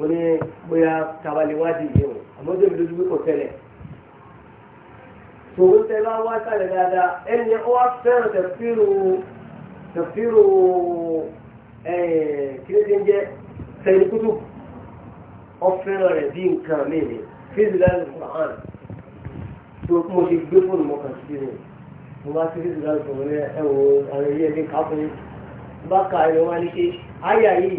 mo ní bóyá tabaliwádìí yìí o àmọ́ tó fi lójú pé kò tẹ́lẹ̀ tòun tẹ bá wá sálẹ̀ dáadáa ẹni ó wá fẹ́ràn tẹ̀fíìrù tẹ̀fíìrù kílódé ń jẹ́ tẹ̀lifútù ó fẹ́ràn rẹ̀ bí nǹkan mi ni fíìsìláàlì fúnhàn tó mo ṣe gbé fóònù mọ́ kàn sí ni mo bá sí fíìsìláàlì fúnhàn ẹ wo àwọn ilé ẹni kà fún mi bá ka ẹni wá ní ṣe àyà yìí.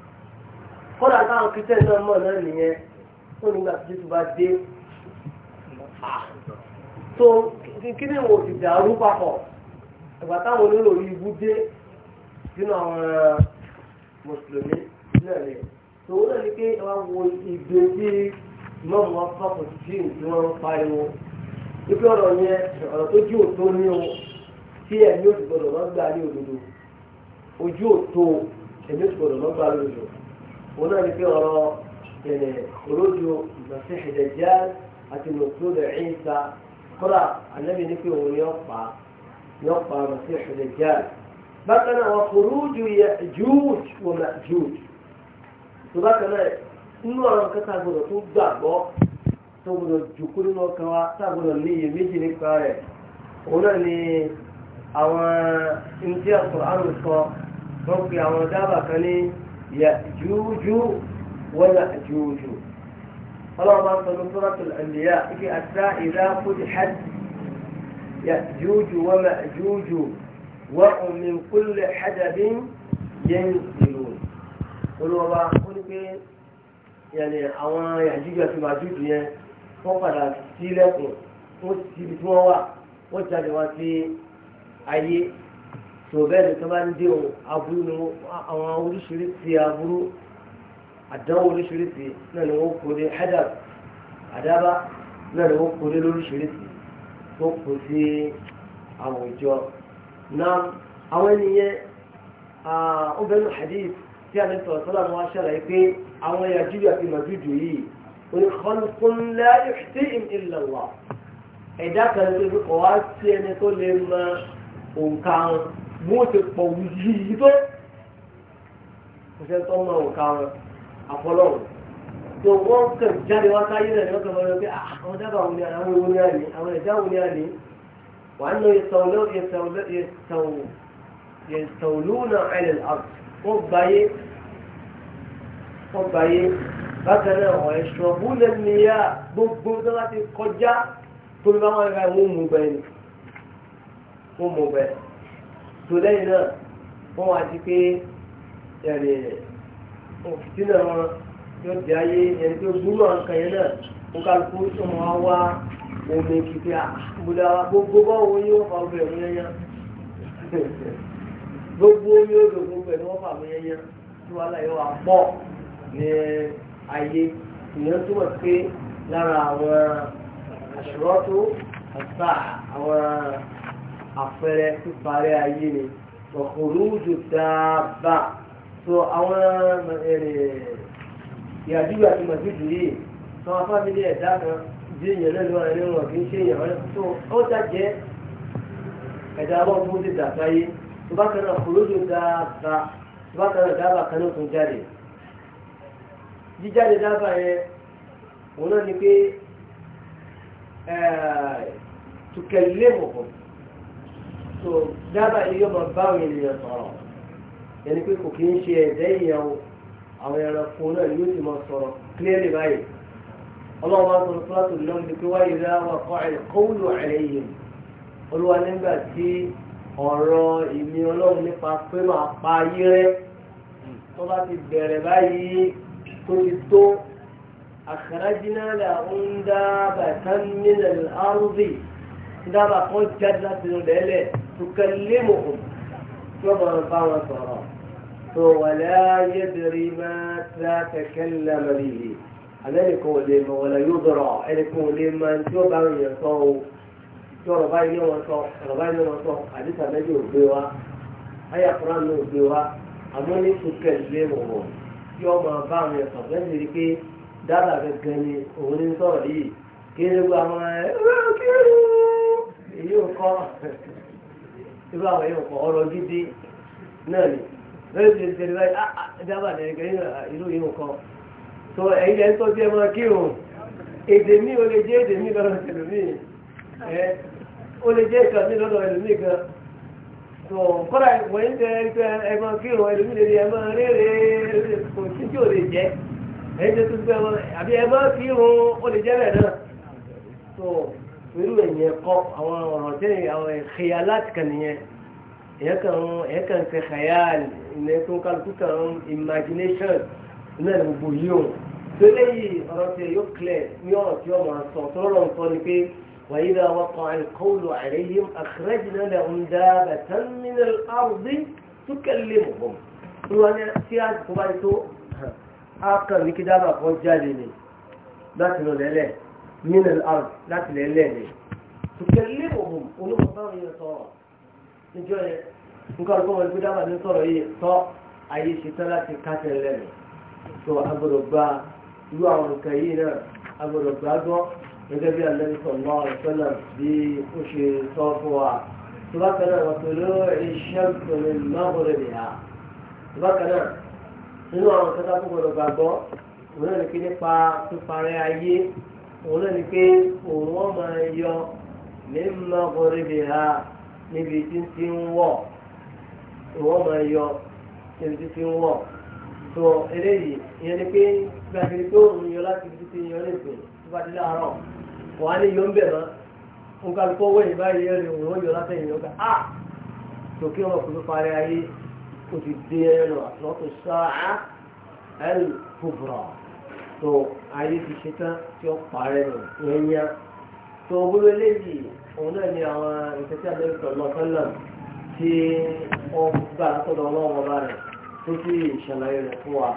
kọ́dà táwọn kìtẹ́ náà mọ̀ náà nìyẹn ó nígbà tí jésù bá dé tó kí ni wò ti dàrú papọ̀ ìgbà táwọn olórí ibú dé sínú àwọn mùsùlùmí náà lè tó wọ́n náà ní pé wọ́n wo ìgbé tí mọ́mú wọn fọ́pọ̀ sí ìdí wọn pariwo ibi ọ̀rọ̀ yẹn ọ̀rọ̀ tó jí òtó ní o tí ẹ̀mí òtù gbọ́dọ̀ lọ́gbà ní òdodo ojú òtó ẹ̀mí òtù gbọ́dọ̀ lọ́gbà ní òdodo. هناك أرى خروج المسيح الدجال àti nùtúrẹ̀ ẹ̀yìnsá kúrà ànábì ní pé òun yóò pa yóò pa rọ̀sí ìṣẹ̀lẹ̀ jáde. bákan náà wọn kúrú ju Ya'juj wa Ma'juj. tó bákan náà inú àwọn nǹkan tá a gbọdọ̀ tó gbàgbọ́ tó gbọdọ̀ jùkú nínú ọkàn wa tá a gbọdọ̀ ní iyèméjì nípa rẹ̀. òun náà ni àwọn ìdí àkùrọ̀ àrùn sọ wọ́n pe àwọn dábàá kan ní يأجوج ومأجوج الله في سورة الأنبياء في أتى إذا فتحت يأجوج ومأجوج وهم من كل حدب ينزلون قلوا الله قلوا يعني àwọn yàjíjà tó máa dúdú yẹn wọ́n padà sílẹ̀kùn wọ́n ti ti bí wọ́n wà wọ́n jáde wá sí ayé tó bẹ́ẹ̀ ni tó bá ń dé ohun aburú ni àwọn oríṣiríṣi aburú àdánwò oríṣiríṣi náà ni wọ́n kó lé hẹ́dà àdábá náà ni wọ́n kó lé lóríṣiríṣi tó kó sí àwùjọ náà àwọn ènìyàn ó bẹ́ẹ̀ ní hadith tí a ní sọ̀rọ̀ sọ́lá ni wọ́n ṣàlàyé pé àwọn Yájújù àti Májújù yìí oní khalqun la yuhtihim illa Allah ẹ̀dá kan tó kọ̀ wá sí ẹni tó lè mọ òǹkà wọn. bó ti pọ̀ yìí tó kò sẹ́ tó máa wò ká wọn àfọlọ́wọ́ tó wọ́n kàn jáde wá sáyé náà ni wọ́n kàn máa lọ pé àwọn dábàá wo ni àwọn ewu ni àní àwọn ẹ̀dá wo ni àní wà á nọ yẹtọ̀lúnà ẹ̀lẹ̀ wọ́n gbáyé wọ́n gbáyé bákan náà wọ́n ẹ̀ṣọ́ búlẹ̀ níyà gbogbo tó bá ti kọjá tó bá wọn ra ìwọ̀n mú bẹ́ẹ̀ ni wọ́n mú bẹ́ẹ̀. tó lẹ́yìn náà wọ́n wá di pé ẹ̀rẹ̀ òfìtí náà wọn yóò di ayé ẹni tó gbúmọ̀ nǹkan yẹn náà wọ́n kálukú tó wọn wá omi kìkì àbúdá ah, wa gbogbo báwo yóò fa ọbẹ̀ òun yẹn yẹn gbogbo omi odò gbogbo ẹ̀ ni wọ́n fa òun yẹn tí wàhálà yóò wá pọ̀ ní ayé ìyẹn túmọ̀ pé lára àwọn àṣùrọ́tò àṣà àwọn àpẹẹrẹ píparẹ́ ayé ni ọ̀kùnrùjù dáadáa so àwọn eh, ìyàdúgbò àti màdúdú yìí sọ afábílẹ̀ ẹ̀dá kan bí èèyàn lẹ́nu ara ẹni wọn kì í ṣe èèyàn rẹ tó ó dàjẹ́ ẹ̀dá ọlọ́run tó ti dàgbà yé tó bá kan náà ọ̀kùnrùjù dáadáa tó bá kan náà dábàá kan náà tó jáde jíjáde dábàá yẹn òun náà ni pé eh, tukẹ̀lé mọ̀kàn so dábàá yìí yóò máa bá àwọn ènìyàn sọ̀rọ̀ yẹni pé kò kí ń ṣe ẹ̀dẹ́ ìyẹn o àwọn ẹranko náà yóò ti máa sọ̀rọ̀ clearly báyìí ọlọ́run bá sọ̀rọ̀ fúlàtò lọ́wọ́ ní pé wáyé láwọn kọ́ ẹ̀kọ́wùlù ẹ̀yìn olúwa nígbà tí ọ̀rọ̀ ìmí ọlọ́run nípa pé máa pa ayé rẹ tó bá ti bẹ̀rẹ̀ báyìí tó ti tó àkàrájínà làwọn dábàá tán nílẹ̀ àrùbí dábàá kan jáde láti lọ lẹ́lẹ̀. تكلمهم يوم بعض فولا يدري ماذا تكلم به على يكون لما ولا يدرى على يكون لما يجوب عن يصو يرى بين وصو يرى يوم وصو حديث النبي وبيوا هيا قرآن وبيوا أمني تكلمهم يوم بعض يصو لأن ذلك dára gẹ́gẹ́ ni òun ní sọ̀rọ̀ yìí kí ní gbogbo irú àwọn èèyàn kan ọ̀rọ̀ gidi náà ni lórí ti ṣe báyìí dábà ah, ah, lẹ́yìn ah, irú yìí kan tó ẹ̀yin lẹ́yìn tó jẹ́ máa kírun èdè mi ò lè jẹ́ èdè mi lọ́dọ̀ ẹlòmíì ẹ ó lè jẹ́ ìkan mi lọ́dọ̀ ẹlòmíì kan tó kọ́ra wọ́n ń tẹ ẹgbẹ́ ẹ máa kírun ẹlòmíì lè rí ẹ máa réré kò sí tí ò lè jẹ́ ẹ̀yin tó tún gbẹ́ wọn àbí ẹ máa kírun ó lè jẹ́ bẹ́ẹ̀ náà tó irú ẹ̀yìn ẹ̀kọ́ àwọn ọ̀rọ̀ tẹ́lẹ̀ àwọn ẹ̀kẹ́yà láti kàn nìyẹn ẹ̀yẹ́kàn ẹ̀yẹ́kàn ṣe xayal ilẹ̀ tó kálukú kan imagination náà ní gbogbo yìí o tó léyìí ọ̀rọ̀ tẹ yóò clear ní ọ̀rọ̀ tí ọmọ sọ tó lọ́rọ̀ sọ ni pé وإذا وقع القول عليهم أخرجنا لهم دابة من الأرض تكلمهم wọn ní tí a kó bá tó a kàn من الأرض لا تلعلاني تكلمهم ولهم طاغية صار نجوي nǹkan ọ̀rọ̀ kọ́mọ̀ ìgbéjà wà ní sọ̀rọ̀ yìí tọ́ ayé ṣetán láti kásẹ̀ lẹ́nu tó agbọ́dọ̀ gba irú àwọn nǹkan yìí náà agbọ́dọ̀ gba gbọ́ gẹ́gẹ́ bí alẹ́ sọ̀lá ọ̀sẹ́lẹ̀ bí ó ṣe sọ fún wa tó bá kan náà wọ́n tó ló iṣẹ́ ìpínlẹ̀ mọ́kànlẹ̀ rẹ̀ ha tó bá kan náà nínú àwọn nǹkan tó gbọ́dọ̀ gbàgbọ́ òun náà ní kí nípa píparẹ́ ayé òun náà ni pé òun wọ́n máa yọ ní mọ́kùnrin ha níbi tí ń ti ń wọ̀ òun wọ́n máa yọ níbi tí ti ń wọ̀ tó eléyìí ìyẹn ni pé gbàgbé pé òun yọ láti ibi tí ń yọ lẹ́sìn tó bá dé láàárọ̀ wọ́n ayé ti ṣe tán tí ó parẹ́ nù yẹnyẹn tó gbogbo eléyìí òun náà ni àwọn ìṣẹ́sí àbẹ́rẹ́ sọ̀rọ̀ sọ́nà tí ó gbà sọ́dọ̀ ọlọ́run ọba rẹ̀ tó sì ṣàlàyé rẹ̀ fún wa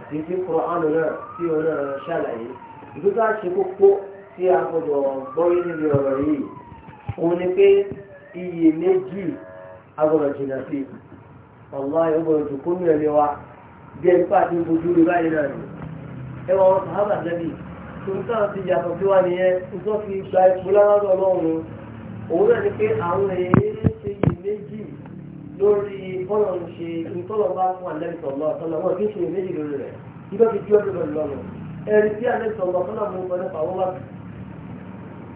àti tí Kùránì náà tí òun náà ṣàlàyé ìgbésà ṣe kókó tí a gbọdọ̀ gbọ́rí níbi ọ̀rọ̀ yìí òun ni pé iye méjì agbọdọ̀ jìnnà sí ọ̀la ìgbọdọ̀ jù kó mi ẹ̀ wa bí ẹni pàtó bojú rí báyìí náà ẹwà wọn sàhábà lẹ́bi tó ń tàn ti yàtọ̀ sí wa nìyẹn nítorí fi gba ipò lálọ́dọ̀ ọlọ́run òun náà ni pé àwọn èèyàn ṣe iyèméjì lórí bọ́lọ̀ ń ṣe ìtọ́lọ̀ bá fún àlẹ́bí sọ̀lọ́ àtọ́lọ́ wọn kì í ṣe iyèméjì lórí rẹ̀ nígbà tí jọ́ lọ́dọ̀ lọ́nà ẹ̀rí tí àlẹ́bí sọ̀lọ́ àtọ́lọ́ mú pẹ̀lú àwọn bá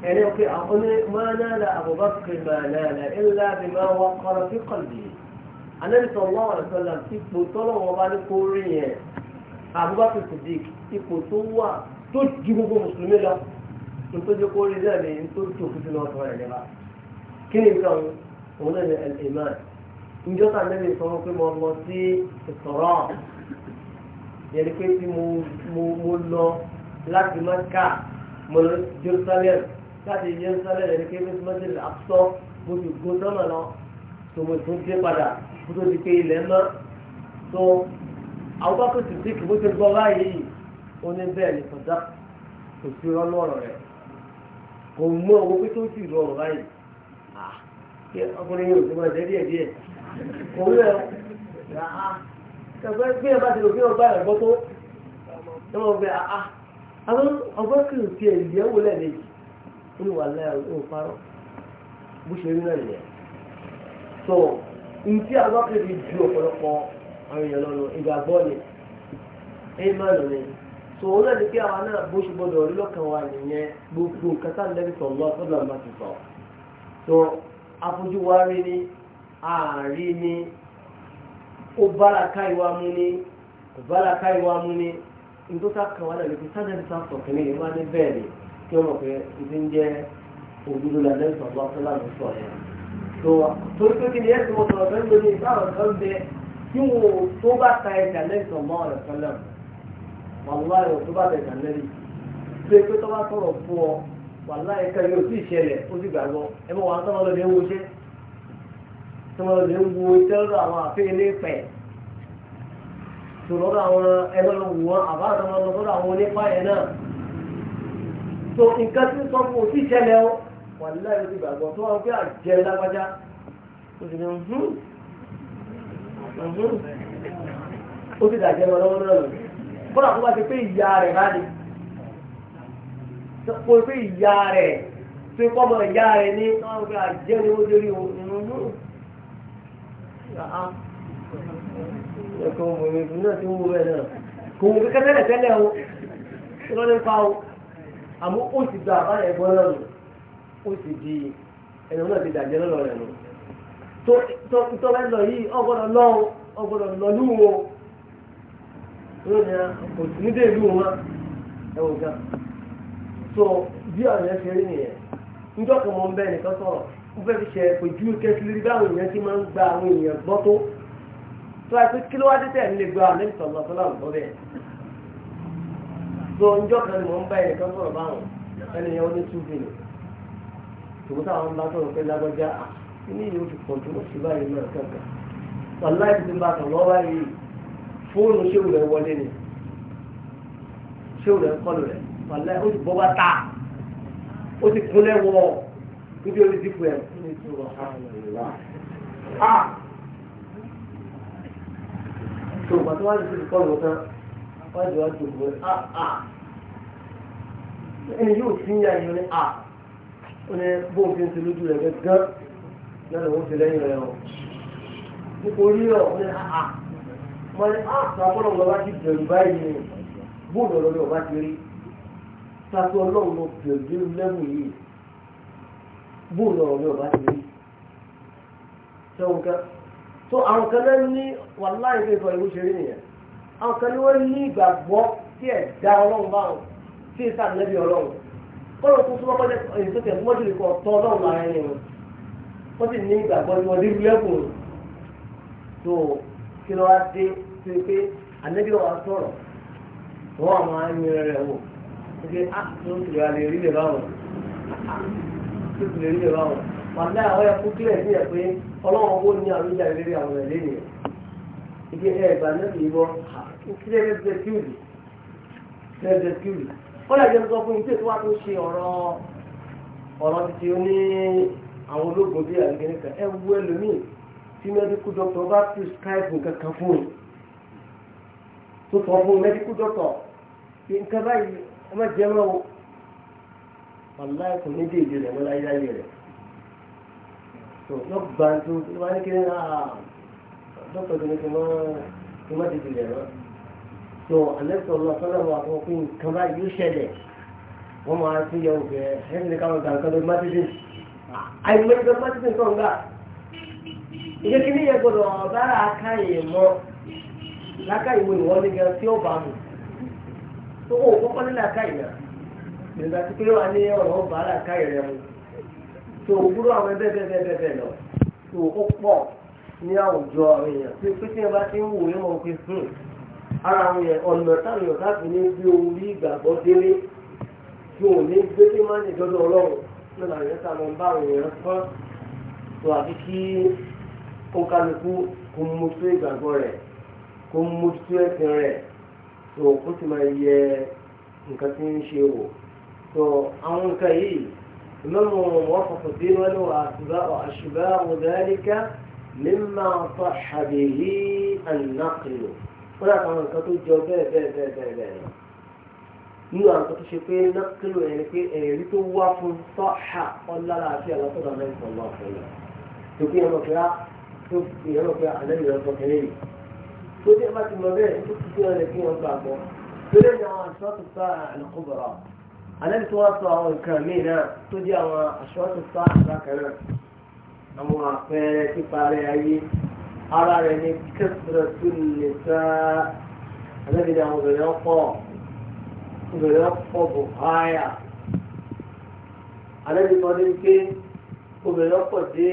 ẹ̀rí ọ̀kẹ́ àwọn mọ́nàlá àbúbákẹ́ mọ́nàlá ẹ̀lá bí máa wá Abubakar Siddiq ipò tó wà tó ju gbogbo mùsùlùmí lọ tó tó jẹ́ kó rí náà lè tó tó fi sínú ọ̀tọ̀ rẹ̀ lẹ́wà kí ni nǹkan òun náà ní ẹ̀ẹ́mán ìjọ tá lẹ́bi sọ pé mo lọ sí ìsọ̀rọ̀ yẹn ni pé tí mo lọ láti Mẹ́kà mo lọ Jerusalem láti Jerusalem yẹn ni pé mẹsìmẹsì àpsọ mo sì gbó sọ́mọ̀ lọ tó mo tún dé padà kó tó di pé ilẹ̀ mọ́ tó. Abubakar Siddiq bó ti gbọ́ báyìí ó ní bẹ́ẹ̀ ni kọjá kò sí ọlọ́rọ̀ rẹ̀ kò mú owó pé tó sì rọrùn báyìí kí ah, ọkùnrin yóò ti máa jẹ́ díẹ̀ díẹ̀ kò rí ẹ̀ kẹfẹ́ bí ẹ bá ti lò kí ọgbà rẹ̀ gbọ́ tó ẹ máa bẹ àá àwọn Abubakar ti ẹ̀ yẹ̀wò lẹ́ẹ̀mejì ó ní wàhálà ò parọ́ bó ṣe rí náà nìyẹn tó ntí Abubakar ti ju ọ̀pọ̀lọpọ̀ àwọn èèyàn lọ́nu ìgbàgbọ́ ni ìmọ̀lù ni so òun náà ni pé àwọn náà bó ṣe gbọdọ̀ orí lọ́kàn wa nìyẹn gbogbo nǹkan tá à ń lẹ́bi sọ̀ lọ sọ́dọ̀ àmà ti sọ so afojú wa rí ni ààrí ni ó bára ká ìwà mu ni kò bára ká ìwà mu ni nítorí ká kàn wá náà lè fi sájà ti sá sọ̀ kìnìún ìwà ní bẹ́ẹ̀ ni kí wọ́n mọ̀ pé ìdí ń jẹ́ òdodo la lẹ́bi sọ̀ lọ sọ́dọ̀ àmà sọ̀ sọ̀rọ̀ tí wọn tó bá ta ẹ̀dà lẹ́sàn mọ́ ọ̀rẹ́ fẹ́lẹ̀ wàláyé ò tó bá ta ẹ̀dà lẹ́rì pé pé tó bá sọ̀rọ̀ fún ọ wàláyé ká yóò sì ṣẹlẹ̀ ó sì gbàgbọ́ ẹ bá wàá sọ́mọ́ lọ́dẹ wo ṣe sọ́mọ́ lọ́dẹ wo tẹ́lọ̀ àwọn àfẹ́lẹ́ pẹ̀ tòlọ́dọ̀ àwọn ẹlọ́lọ́wù wọn àbá àtọ́mọ́ lọ́dọ̀ àwọn onípa ó sì dàjẹ́ lọ lọ́wọ́ lọ́wọ́ kódà tó bá ti pé ìyá rẹ̀ bá ní kó pé ìyá rẹ̀ pé kọ́mọ ìyá rẹ̀ ní káwọn fi àjẹ́ ni ó dérí òun ẹ̀kọ́ òmìnir náà ti ń wo bẹ́ẹ̀ náà kò wọ́n kékeré tẹ́lẹ̀ tẹ́lẹ̀ o lọ́ọ́ nípa o àmọ́ ó ti gba àbáyẹ̀ gbọ́ náà nù ó ti di ẹ̀rọ náà ti dàjẹ́ lọ́rọ̀ rẹ̀ nù. tó fẹ́ lọ yìí ọgbọ́dọ̀ lọ ọgbọ́dọ̀ lọ lú wo ló ní òtún ní dèlú so bí ọ̀rọ̀ yẹn ṣe rí nìyẹn níjọ́ kan bẹ́ẹ̀ nìkan sọ̀rọ̀ fẹ́ fi ṣe ìpèjú kẹ́sìlérí báwọn èèyàn ti máa ń gba àwọn èèyàn gbọ́ tó tó àti kí ló wá dé tẹ̀ lè gba àlẹ́ ìtọ̀lọ́ tó láwùn bẹ́ẹ̀ so níjọ́ kan sọ̀rọ̀ báwọn ní ìlú fi pọ̀jù ó sì báyìí náà kankan wàláì ti bá kàn lọ́wọ́ báyìí fóònù ṣéwù rẹ̀ wọlé ni ṣéwù rẹ̀ kọlù rẹ̀ wàláì ó ti bọ́ bá tà ó ti kúnlẹ̀ wọ̀ níbi orí dìbò ẹ̀ fún mi tó wà á tó gbàtọ́ wá ní sí ìkọlù tán wájú wájú ògbó á á ẹni yóò fi ń yá ìyọrin á ó ní bóun fi ń ṣe lójú rẹ̀ gẹ́gẹ́ lẹ́nu ó ti lẹ́yìn rẹ̀ o nítorí ọ̀ ní àà wọ́n ní àtọ̀ ah, ah. ah, ọlọ́run lọ́ba ti bẹ̀rù báyìí ni bóòlù ọlọ́run ọba ti rí sàtọ̀ ọlọ́run lọ bẹ̀rù dé lẹ́wù yìí bóòlù ni, ọba ti rí sẹ́wọ̀n kan tó àwọn kan náà ní wàláì pé ìkọ̀ ìwé ṣeré nìyẹn àwọn kan ní wọ́n ní ìgbàgbọ́ tí ẹ̀ dá ọlọ́run báwọn tí ì sàtìlẹ́bí ọlọ́run kọ́lọ̀ wọ́n sì ní ìgbàgbọ́ ní wọ́n dérú lẹ́kùn tó kí ló wá dé tó yẹ pé ànábì wa sọ̀rọ̀ wọ́n wà máa ń yẹrẹ rẹ̀ wò ó ṣe á ló ń tìlẹ̀ alẹ́ rí lè báwọn tó ah, tìlẹ̀ rí lè báwọn wàá náà wọ́n yẹ kó kílẹ̀ sí ẹ̀ pé ọlọ́wọ́n kó ní àlójà ìrírí àwọn ẹ̀lẹ́ nìyẹn ìgbé ẹ̀ ìgbà náà kì í bọ́ kílẹ̀ rẹ̀ bẹ̀ kíùlì kílẹ̀ ó lè sọ fún yín tí wa tó ṣe ọ̀rọ̀ ọ̀rọ̀ títí ó ní àwọn ológun bí àgbẹ̀rẹ̀ kan ẹ wú ẹlòmíì tí mẹ́díkù dọ́kítọ̀ bá prescribe nǹkan kan fún un tó sọ fún mẹ́díkù dọ́kítọ̀ pé nǹkan báyìí ẹ má jẹ́ mọ́ o wàlá ẹ̀kọ́ ní déédéé rẹ̀ lọ́la ayé rẹ̀ tó lọ́ gbà tó wá ní kéré náà dọ́kítọ̀ tó ní kí wọ́n kí wọ́n déédéé rẹ̀ lọ tó alẹ́sọ̀ lọ sọ́dọ̀ wà fún pé nǹkan báyìí yóò ṣẹlẹ̀ wọ́n máa tún yẹ òkè ẹ̀ ẹ́ àìmọ̀jọ pàtìsì nǹkan gbà ìjẹ́ kí ní yẹ gbọ́dọ̀ bára akáyè mọ́ lákàyè wo ìwọ́n ní gan tí ó bá mú tó kò kọ́kọ́ nílẹ̀ akáyè náà nígbà tí pé wà ní ọ̀rọ̀ bára akáyè rẹ mu tó o gbúrò àwọn ẹgbẹ́ bẹ́ẹ̀ bẹ́ẹ̀ bẹ́ẹ̀ lọ tó o pọ̀ ní àwùjọ àwọn èèyàn tí pé tí ẹ bá ti ń wò ó mọ̀ pé hmm, ara àwọn yẹn ọ̀nà táwọn yóò káàkiri ní bí orí ìgbàgbọ́ délé tí ò ní gbé tí máa ń ìjọba náà làwọn èèyàn sàmọ́ ń bá àwọn èèyàn pọ́n tó àfi kí ó kálukú kó mójútó ìgbàgbọ́ rẹ̀ kó mójútó ẹ̀sìn rẹ̀ tó kó sì máa yẹ nǹkan tí ń ṣe wò tó àwọn nǹkan yìí ìmọ̀mọ̀ wọn fọ̀fọ̀ sí wọn ní àṣùbá ọ̀dàlíkà mímà sọ àbèyí ànákìlò kó dàtà àwọn nǹkan tó jọ bẹ́ẹ̀ bẹ́ẹ̀ bẹ́ẹ̀ bẹ́ẹ̀ lọ. nínú àwọn tó ṣe pé nákìlò ẹni pé ẹ̀rí tó wá fún sọ́ọ̀ṣà ọ̀lára àti àlọ́sọ̀dọ̀ mẹ́sàn-án wà fún yà tó kí ẹ̀rọ pé á tó kí ẹ̀rọ pé àlẹ́ ìrọ̀ sọ kẹlẹ́ yìí tó dé bá ti mọ bẹ́ẹ̀ tó ti fi ọ̀rẹ́ kí wọ́n gbà gbọ́ tó lè ní àwọn àṣọ tó sá àlùkùbọ̀rọ̀ àlẹ́ tó wá sọ àwọn nǹkan míì náà tó dé àwọn àṣọ tó sá àlùkànnà àwọn àpẹẹrẹ píparẹ́ ayé ara rẹ̀ ní kẹsìrẹ̀ tó lè sá àlẹ́ obìnrin pọ̀ bò háyà alẹ́ bí wọ́n ní pé obìnrin pọ̀ dé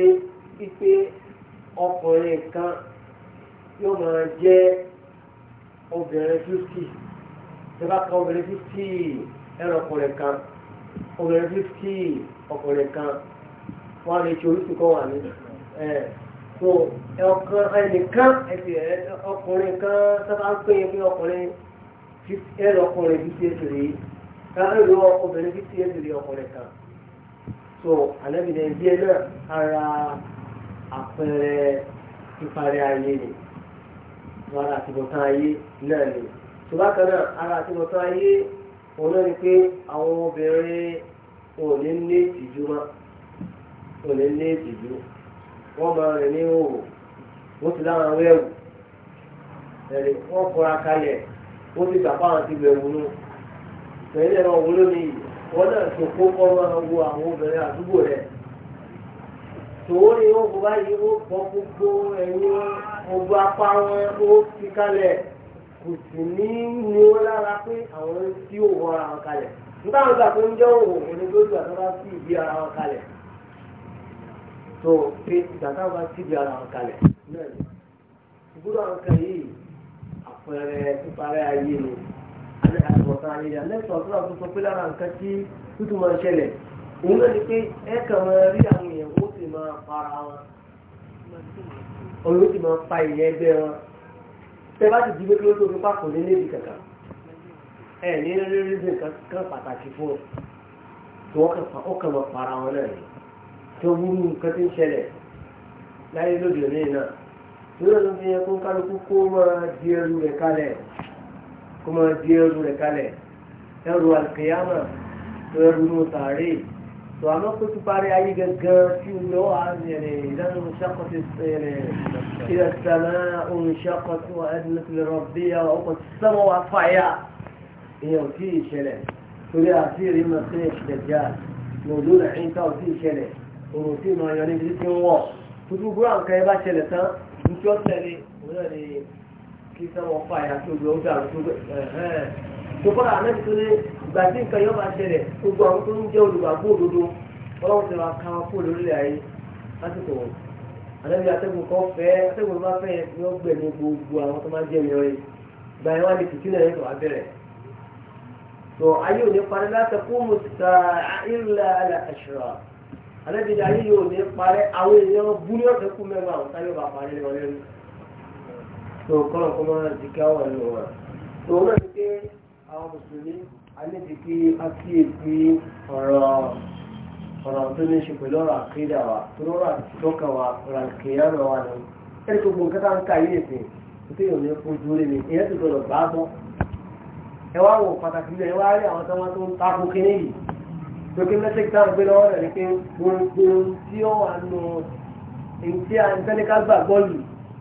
wípé ọkùnrin kan yóò máa jẹ́ obìnrin fifty ìjọba kan obìnrin fifty ẹ̀rọ ọkùnrin kan obìnrin fifty ọkùnrin kan wọ́n á lè ṣe oríṣi kan wà ní ẹ̀ so ẹnìkan ẹnìkan ọkùnrin kan sábà ń pè é pé ọkùnrin ẹrọ ọkùnrin bíi ti ẹsẹ̀ rèé káàrọ̀ ọkùnrin bíi ti ẹsẹ̀ rèé ọkùnrin kan so ànábìnrin ẹbí ẹ náà ara àpẹẹrẹ ìparí ayé ni ara àtìmọ̀tán ayé náà ni tó bákan náà ara àtìmọ̀tán ayé òun náà ni pé àwọn obìnrin ò ní ní ìtìjú mọ́ ò ní ní ìtìjú wọ́n máa rìn ní òwò wọ́n ti láwọn awẹ́wò ẹ̀rí wọ́n kọra kalẹ̀ wọ́n ti gbàgbọ́ àwọn ti bẹ̀rù nù pẹ̀lú ẹ̀rọ wo ló ní yìí wọ́n náà tó kó kọ́ máa wo àwọn obìnrin àdúgbò rẹ̀ tòun ni wọ́n bu báyìí wọ́n bọ́ gbogbo ẹ̀yìn ọgbà apá wọn ó fi kalẹ̀ kò sì ní ní wọn lára pé àwọn tí ò wọ ara wọn kalẹ̀ nígbà wọn gbà pé ń jẹ́ òwò ẹni tó gbà tó sí ìdí ara wọn kalẹ̀ tó pé ìgbà táwọn bá sí ìdí ara wọn kalẹ̀ náà ni ìgbúdọ̀ àwọn kan yìí àpẹẹrẹ píparẹ́ ayé ni àtúbọ̀tán ayé ni alẹ́sọ̀ tó náà tó sọ pé lára nǹkan tí tútù máa ń ṣẹlẹ̀ òun náà ni pé ẹ kàn máa rí àwọn èèyàn ó sì máa para wọn òun ó sì máa pa ìyẹn ẹgbẹ́ wọn tẹ bá ti di pé kí ló tó fi pàkó ní níbi kankan ẹ ní rírí nǹkan kan pàtàkì fún ọ tí wọ́n kàn máa para wọn náà ni tí wọ́n mú nǹkan tí ń ṣẹlẹ̀ láyé lóde òní náà lórí ẹ̀rọ fi yẹ kó kálukú kó máa di ẹrù rẹ̀ kalẹ̀ kó máa di ẹrù rẹ̀ kalẹ̀ ẹrù àlùkìyàmà ẹrù nù tààrí tó àmọ́ kó tó parí ayé gangan tí o lọ wà yẹn ìdáná ṣàkóso yẹn ìdá sàmà òun ṣàkóso ẹdínlẹ tilẹ̀ rọ̀bì yà ọkọ sọmọ wà fàyà èèyàn ò tí ì ṣẹlẹ̀ torí àti èrè máa ṣe ìṣẹ̀dá lòdù rẹ̀ ń ta ò tí ì ṣẹlẹ̀ òun ò tí ì máa yọ ní tí ń wọ̀ tuntun gbúra nǹkan ẹ bá ṣẹlẹ̀ tán. tí tẹ̀lé òun náà kí sẹ́wọ̀n fà yà kí òwe ó dàrú tó ẹ̀hẹ́n tó kọ́ àná tó lé ìgbà tí nǹkan yóò máa ṣẹlẹ̀ gbogbo àwọn tó ń jẹ́ ka wọn kó lórílẹ̀ ayé lásìkò wọn àlẹ́bí atẹ́gùn kan fẹ́ atẹ́gùn bá fẹ́ yẹn yọ gbẹ̀mí gbogbo àwọn tó máa jẹ́ mi rẹ̀ yẹn wá yẹn tó wá bẹ̀rẹ̀ àlẹ́bí ayé yóò ní parẹ́ àwọn èèyàn búrú ọ̀sẹ̀ kú mẹ́rin àwọn táyé bá parí lọ lẹ́nu tó kọ́nà kó máa di kí àwọn ẹ̀lú wọn. tó náà ní pé àwọn mùsùlùmí alẹ́bí kí á kíyèsí ọ̀rọ̀ ọ̀rọ̀ tó ní ṣe pẹ̀lú ọ̀rọ̀ àkídà wa tó lọ́rọ̀ àtìkọ́kà wa ọ̀rọ̀ àkíyàmà wa ni. ẹni tó gbọ́n kẹta ń ka yé èsì tó yóò ní fojú rí mi ìyẹn ti gbọ́dọ̀ gbàgbọ́ ẹ wá wọ pàtàkì ẹ wá rí àwọn tó ń takò kínní yìí lókè mẹ́sẹ̀kì táwọn gbé lọ́wọ́ rẹ̀ ni pé gbogbo tí ó wà nù èyí tí a ń tẹ́lẹ̀ ká gbà gbọ́ lù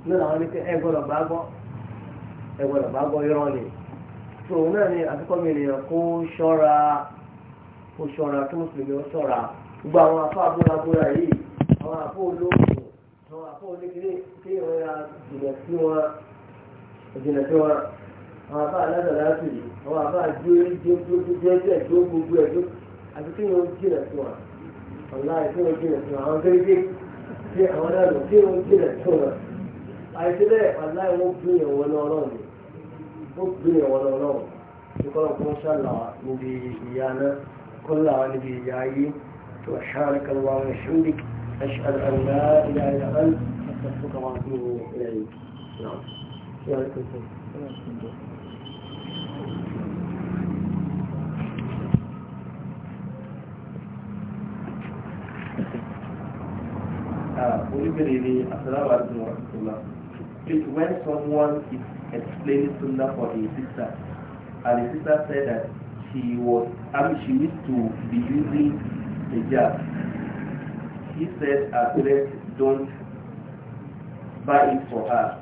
ló làwọn ní pé ẹ gbọ́dọ̀ bá gbọ́ ẹ gbọ́dọ̀ bá gbọ́ irọ́ ni tó òun náà ni àtúkọ́ mi lè kó ṣọ́ra kó ṣọ́ra kí mùsùlùmí ó ṣọ́ra gbogbo àwọn afọ abúlábúlá yìí àwọn afọ olóògùn àwọn afọ olékeré kí wọ́n ya jìnà sí wọn jìnà sí wọn àwọn afọ aládàlá tù àwọn afọ àjọ ìjọ gbogbo ẹjọ àti kí wọ́n jìnà sí wọn ọ̀la àti kí wọ́n jìnà sí wọn àwọn gẹ́gẹ́ tí àwọn náà lò kí wọ́n jìnà sí wọn àìsí bẹ́ẹ̀ ọ̀la ìwọ́n gbìyàn wọn náà lọ́wọ́ wọ́n gbìyàn wọn náà lọ́wọ́ nípa kó ń ṣàlàwà níbi ìyá náà kó ń níbi ìyá yìí tó ṣàrẹ́kà wà wọn ṣúndì أشهد أن لا إله إلا أنت أستغفرك وأتوب إليك. نعم. شكرا لكم. when someone is explaining Sunnah for a sister, and the sister said that she was, I mean, she needs to be using the hijab. He said, our parents don't buy it for her.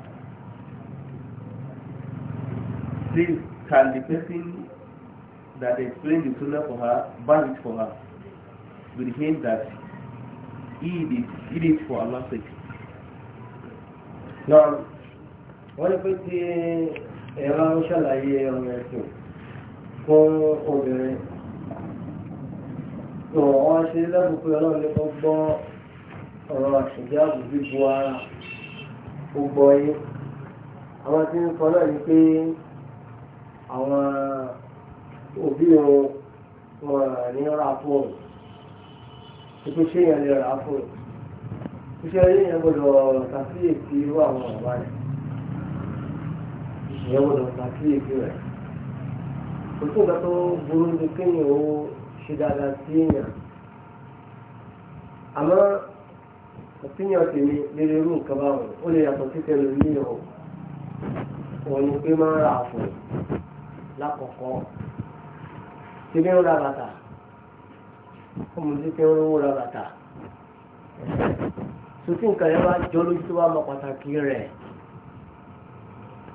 Please, can the person that explained the Sunnah for her buy it for her? With the hint that he did, he did for Allah's sake. Now, wọ́n pẹ́ tí ẹ̀rọ ń ṣàlàyé ẹ̀rọ ẹ̀sìn fún obìnrin. Tò wọ́n ṣe lẹ́bùn pé ọlọ́run ní kọ́ gbọ́ ọ̀rọ̀ àṣìjẹ́ àbùbí bu ara gbogbo ẹyẹ. Àwọn tí ń sọ náà ni pé àwọn òbí wọn ní ra fóònù ètò ṣé yẹn lè rà fún un iṣẹ́ ilé yẹn gbọ́dọ̀ ṣàkíyèsí irú àwọn ọ̀rọ̀ rẹ̀ ìyẹn gbọ́dọ̀ ṣàkíyèsí rẹ̀ kò sí nǹkan tó burú ní kéèyàn ó ṣe dáadáa sí èèyàn àmọ́ òpínyàn tèmi lérí irú nǹkan báwọn ó lè yàtọ̀ sí tẹ̀lé níyàn òun ni pé máa ń fún un lákọ̀ọ́kọ́ tèmi ń ra bàtà ọmọdé tí wọ́n rówó ra bàtà sotí nǹkan yẹn bá jọ lójú tó bá mọ pàtàkì rẹ̀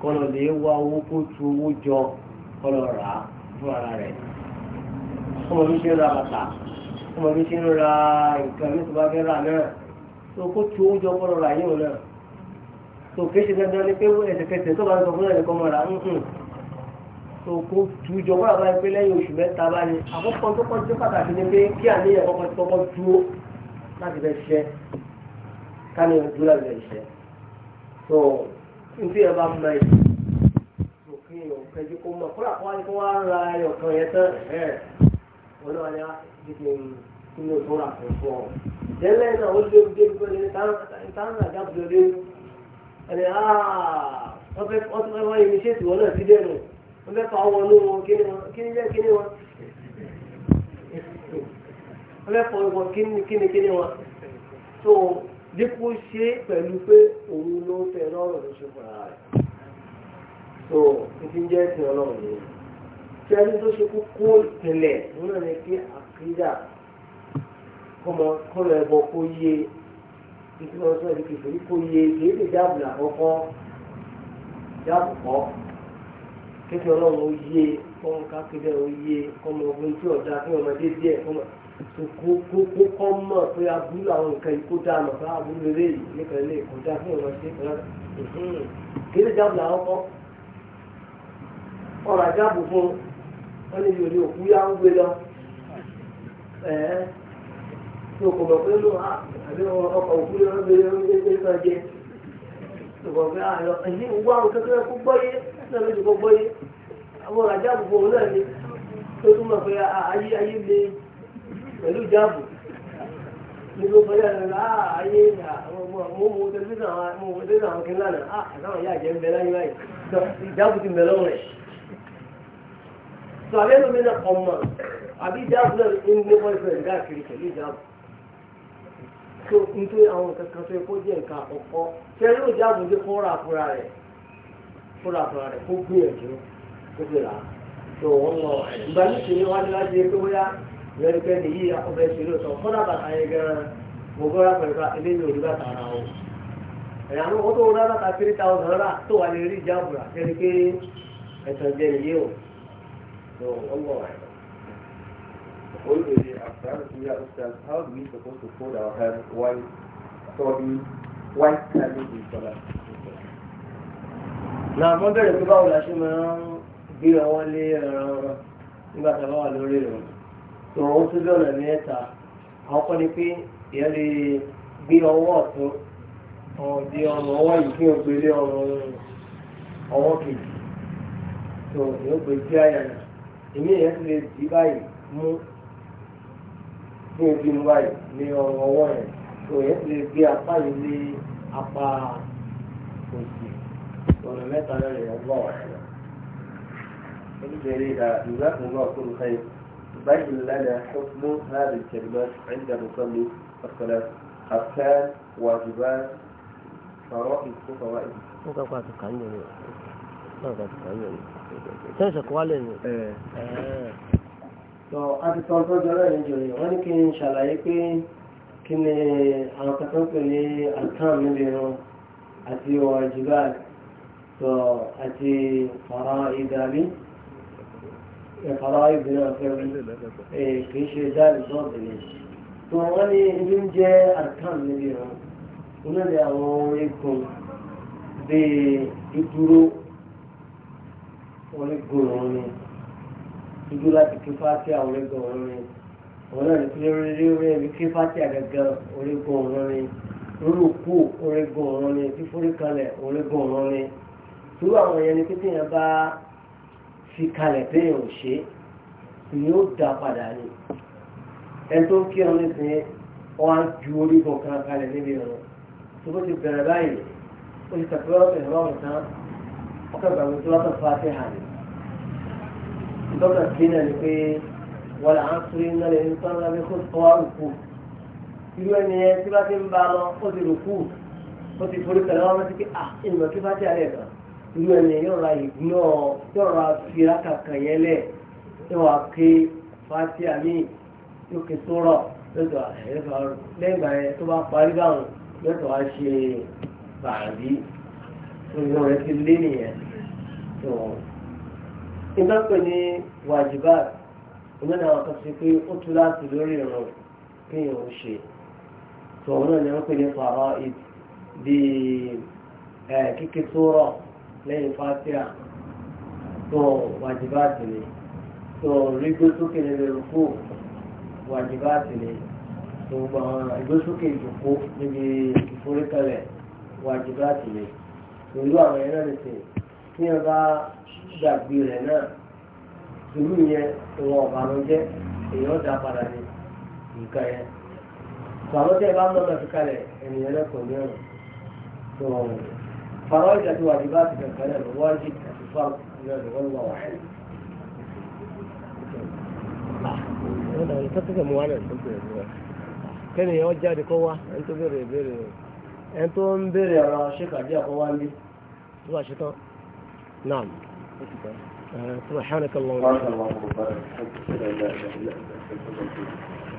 kọlọ̀ lè wá owó kó tu owó jọ kọlọ̀ rà á fún ara rẹ̀ ọmọdé tí ń ra bàtà ọmọdé tí ń ra nǹkan ní tó bá fẹ́ rà náà tó kó tu owó jọ kọlọ̀ rà yín náà tó kéṣe dandan ni pé ẹsẹ̀kẹsẹ̀ tó bá ń sọ fún ẹnìkan mọ́ra ń hùn tó kó tu jọ wọ́n àwọn ẹgbẹ́ lẹ́yìn oṣù mẹ́ta báyìí àkọ́kọ́ tó kọ́ jẹ́ pàtàkì ni pé kí àníyàn kọ́kọ́ tó kọ́ dúró láti fẹ́ ṣiṣẹ́ káníyàn dúró láti fẹ́ ṣiṣẹ́ tó ntí ẹ bá mọ ẹ òkè òkèjì kó mọ kó làkọ́ wáyé kó wá ra ẹyọ kan yẹn tán ẹ̀ ọlọ́wà ni wá ti ti kí ni òtún rà fún fún ọ ìdẹ́lẹ́ náà ó lé ojú ẹgbẹ́ ní táwọn àjábùdó lé ẹni áà wọ́n fẹ́ wọ́n fẹ́ wáyé ní ṣètò ọlọ́ọ̀ wọ́n fẹ́ fà wọn tó dípò ṣe pẹ̀lú pé òun ló fẹ́ lọ́rọ̀ ló ṣe fúnra rẹ̀ tó ti jẹ́ ti ọlọ́run yìí tí ẹni tó ṣe kókó ìpìlẹ̀ nínú ẹni pé àkídà kọ́mọ ẹ̀bọ kó yé ìtumọ̀ sọ́ọ̀dì kìfèrí kó yé kéde dáàbò kékeré ọlọ́run ó yé ọmọ kákéde ó yé ọmọ ogun tí ọ̀dà fún ọmọdé díẹ̀ ọmọ kókó kọ́ mọ̀ pé abúlé àwọn nǹkan yìí kó dáa mọ̀ bá abúlé rẹ̀ yìí nípa ilé kò dáa fún ọmọdé kan kéde jáàbù làwọn kọ́ ọ̀rọ̀ àjáàbù fún wọn níbi òde òkú yá ń gbé lọ ẹ̀ẹ́ tí o kò mọ̀ pé ló àbí ọkọ̀ òkú yá ń gbé lọ ń gbé lọ jẹ tó kọ̀ pé àlọ́ ẹ̀yìn wá òkú kékeré kó gbọ́ yé náà ló ti kọ́ gbọ́yé àwọn àjá àbùkù náà ni tó túmọ̀ pé ayé ayé le pẹ̀lú ìjáàbù nígbà pẹ̀lú ẹ̀rọ ayé àwọn ọmọ ọmọ tẹlifíṣàn àwọn ọmọ tẹlifíṣàn àwọn kìnnìkan náà àtàwọn ìyá àjẹ́ ń bẹ láyé báyìí ìjáàbù ti mẹ́lọ́ rẹ̀ tó àbí ẹlòmíì náà kọ̀ mọ̀ àbí ìjáàbù náà ń ní boyfriend káàkiri pẹ̀lú ìjáàbù tó nítorí àwọn kankan tó yẹ kó jẹ́ nǹkan àkọ́kọ́ tẹ́lẹ̀ ìjáàbù ti kọ́ ra àkúrà fúnra fúnra rẹ̀ kó gbìyànjú kó fi rà á tó wọn lọ ìgbà tí kìíní wá ní láti pé bóyá ìrẹ́ni pé nìyí ọbẹ̀ ìṣèlú sọ fúnra bàtà yẹn gan mo gbọ́dọ̀ pẹ̀lú pé eléyìí ò ní bàtà ara o ẹ̀yà ló wọ́n tó rọ́ bàtà three thousand rà tó wà lè rí ìjáàbù rà pé ẹ̀sán jẹ́ nìyí o tó wọn lọ ẹ̀. Always after we are how do we supposed to hold our hands while studying, while standing náà wọ́n bẹ̀rẹ̀ pé báwo la ṣe máa ń gbé ọwọ́ lé ẹran nígbà tá a bá wà lórí rẹ̀ tó wọ́n ni pé ìyá lè gbé ọwọ́ ọ̀tún ọ̀dí ọmọ ọwọ́ yìí kí o gbé lé ọmọ ọwọ́ kejì tó ní o gbé sí àyà náà èmi èyàn ti lè di báyìí mú ọ̀nà mẹ́ta náà lè wọ́n bọ̀ wá sí ọ. olùbẹ̀rẹ̀ ìdá ìgbà kan náà kúrò káyọ̀ báyìí lánà ṣọ́kùnmọ́ láàrin kẹ̀lẹ́mọ́ ẹ̀ńdà mùsọ́lù ọ̀sọ̀lá àfẹ́ wàjúbá ọ̀rọ̀ ìfúnfọwá ìdí. ó kọ́ pàtó kàn yín ni ó kọ́ pàtó kàn yín ni wọ́n ní kí n ṣàlàyé pé kí ni àwọn kan pè ní àtàn níbi àti ìwà ìjìbáàlì sọ àti fara ìdàmí ẹ̀fara ìbìnrin àfẹ́wé kìí ṣe dáàbì sọ́ọ̀bì ni tó wọ́n ní ibi ń jẹ́ arkan níbi wọn onílẹ̀ àwọn eegun bíi ìdúró onígun òun ni dúdú láti kí fáti àwọn orígun òun ni òun náà ní kílé orí orí irú àwọn yẹn ni pé téèyàn bá fi kalẹ̀ téèyàn ò ṣe ni ó dá padà ní ẹni tó ń kí ọ nísìnyí wọn á ju orígun kan kalẹ̀ níbi ọ̀rọ̀ tó bó ti bẹ̀rẹ̀ báyìí ó ti tàbí ọ̀sẹ̀ ìrọ̀rùn tán ọkọ̀ ìgbàgbé tó lọ́tọ̀ fàáṣẹ́ hàn ní. ìtọ́ka kí náà ni pé wọ́n là ń sori náà lè ní sọ́nà lábẹ́ kó tọ́ wá rùkú. irú ẹni yẹn tí bá ti ń ba lọ ó ti rùkú ó ti forí pẹ̀lú ọmọ irú ẹni yóò ra ìgbìnà yóò ra fira kankan yẹn lẹ yóò wá ké fati àmì yóò ké sórọ lọ́tọ̀ ẹ̀fọ́ lẹ́yìn ìgbà yẹn tó bá parí báwọn lọ́tọ̀ wá ṣe bàbí ìwọ̀n rẹ̀ ti lé nìyẹn tó iná pè ní wàjibá ìmọ̀nà àwọn kan ṣe pé ó tú láti lórí ìrùn kéèyàn ó ṣe tó òun náà ni wọ́n pè ní pàrọ̀ bíi kíkẹ́ sórọ̀ lẹ́yìn fásíà tó wàjibáàtì ni tó rígbósókè nínú ìrùkú wàjibáàtì ni tó gbà ìgbósókè ìjòkó níbi ìforíkalẹ̀ wàjibáàtì ni pẹ̀lú àwọn ẹ̀rọ nìsín tí wọ́n bá gbàgbé rẹ̀ náà ìlú yẹn ìwọ̀n ọ̀bànújẹ́ èèyàn dá padà ní nǹkan yẹn tọ́ àwọn tí ẹ bá mọ́ lọ́ọ́ fi kalẹ̀ ènìyàn lẹ́kọ̀ọ́ ní ọ̀rọ̀ tó ọ̀rọ̀. فرائض واجبات كالكلام الواجب كالفرض والله اعلم kẹ́ni yẹn wọ́n jáde kọ́ wá ẹni tó béèrè ìbéèrè ẹni tó ń béèrè ọ̀rọ̀ ṣéka díẹ̀ kọ́ wá ń bí tó bá ṣe tán náà tó bá ṣe tán.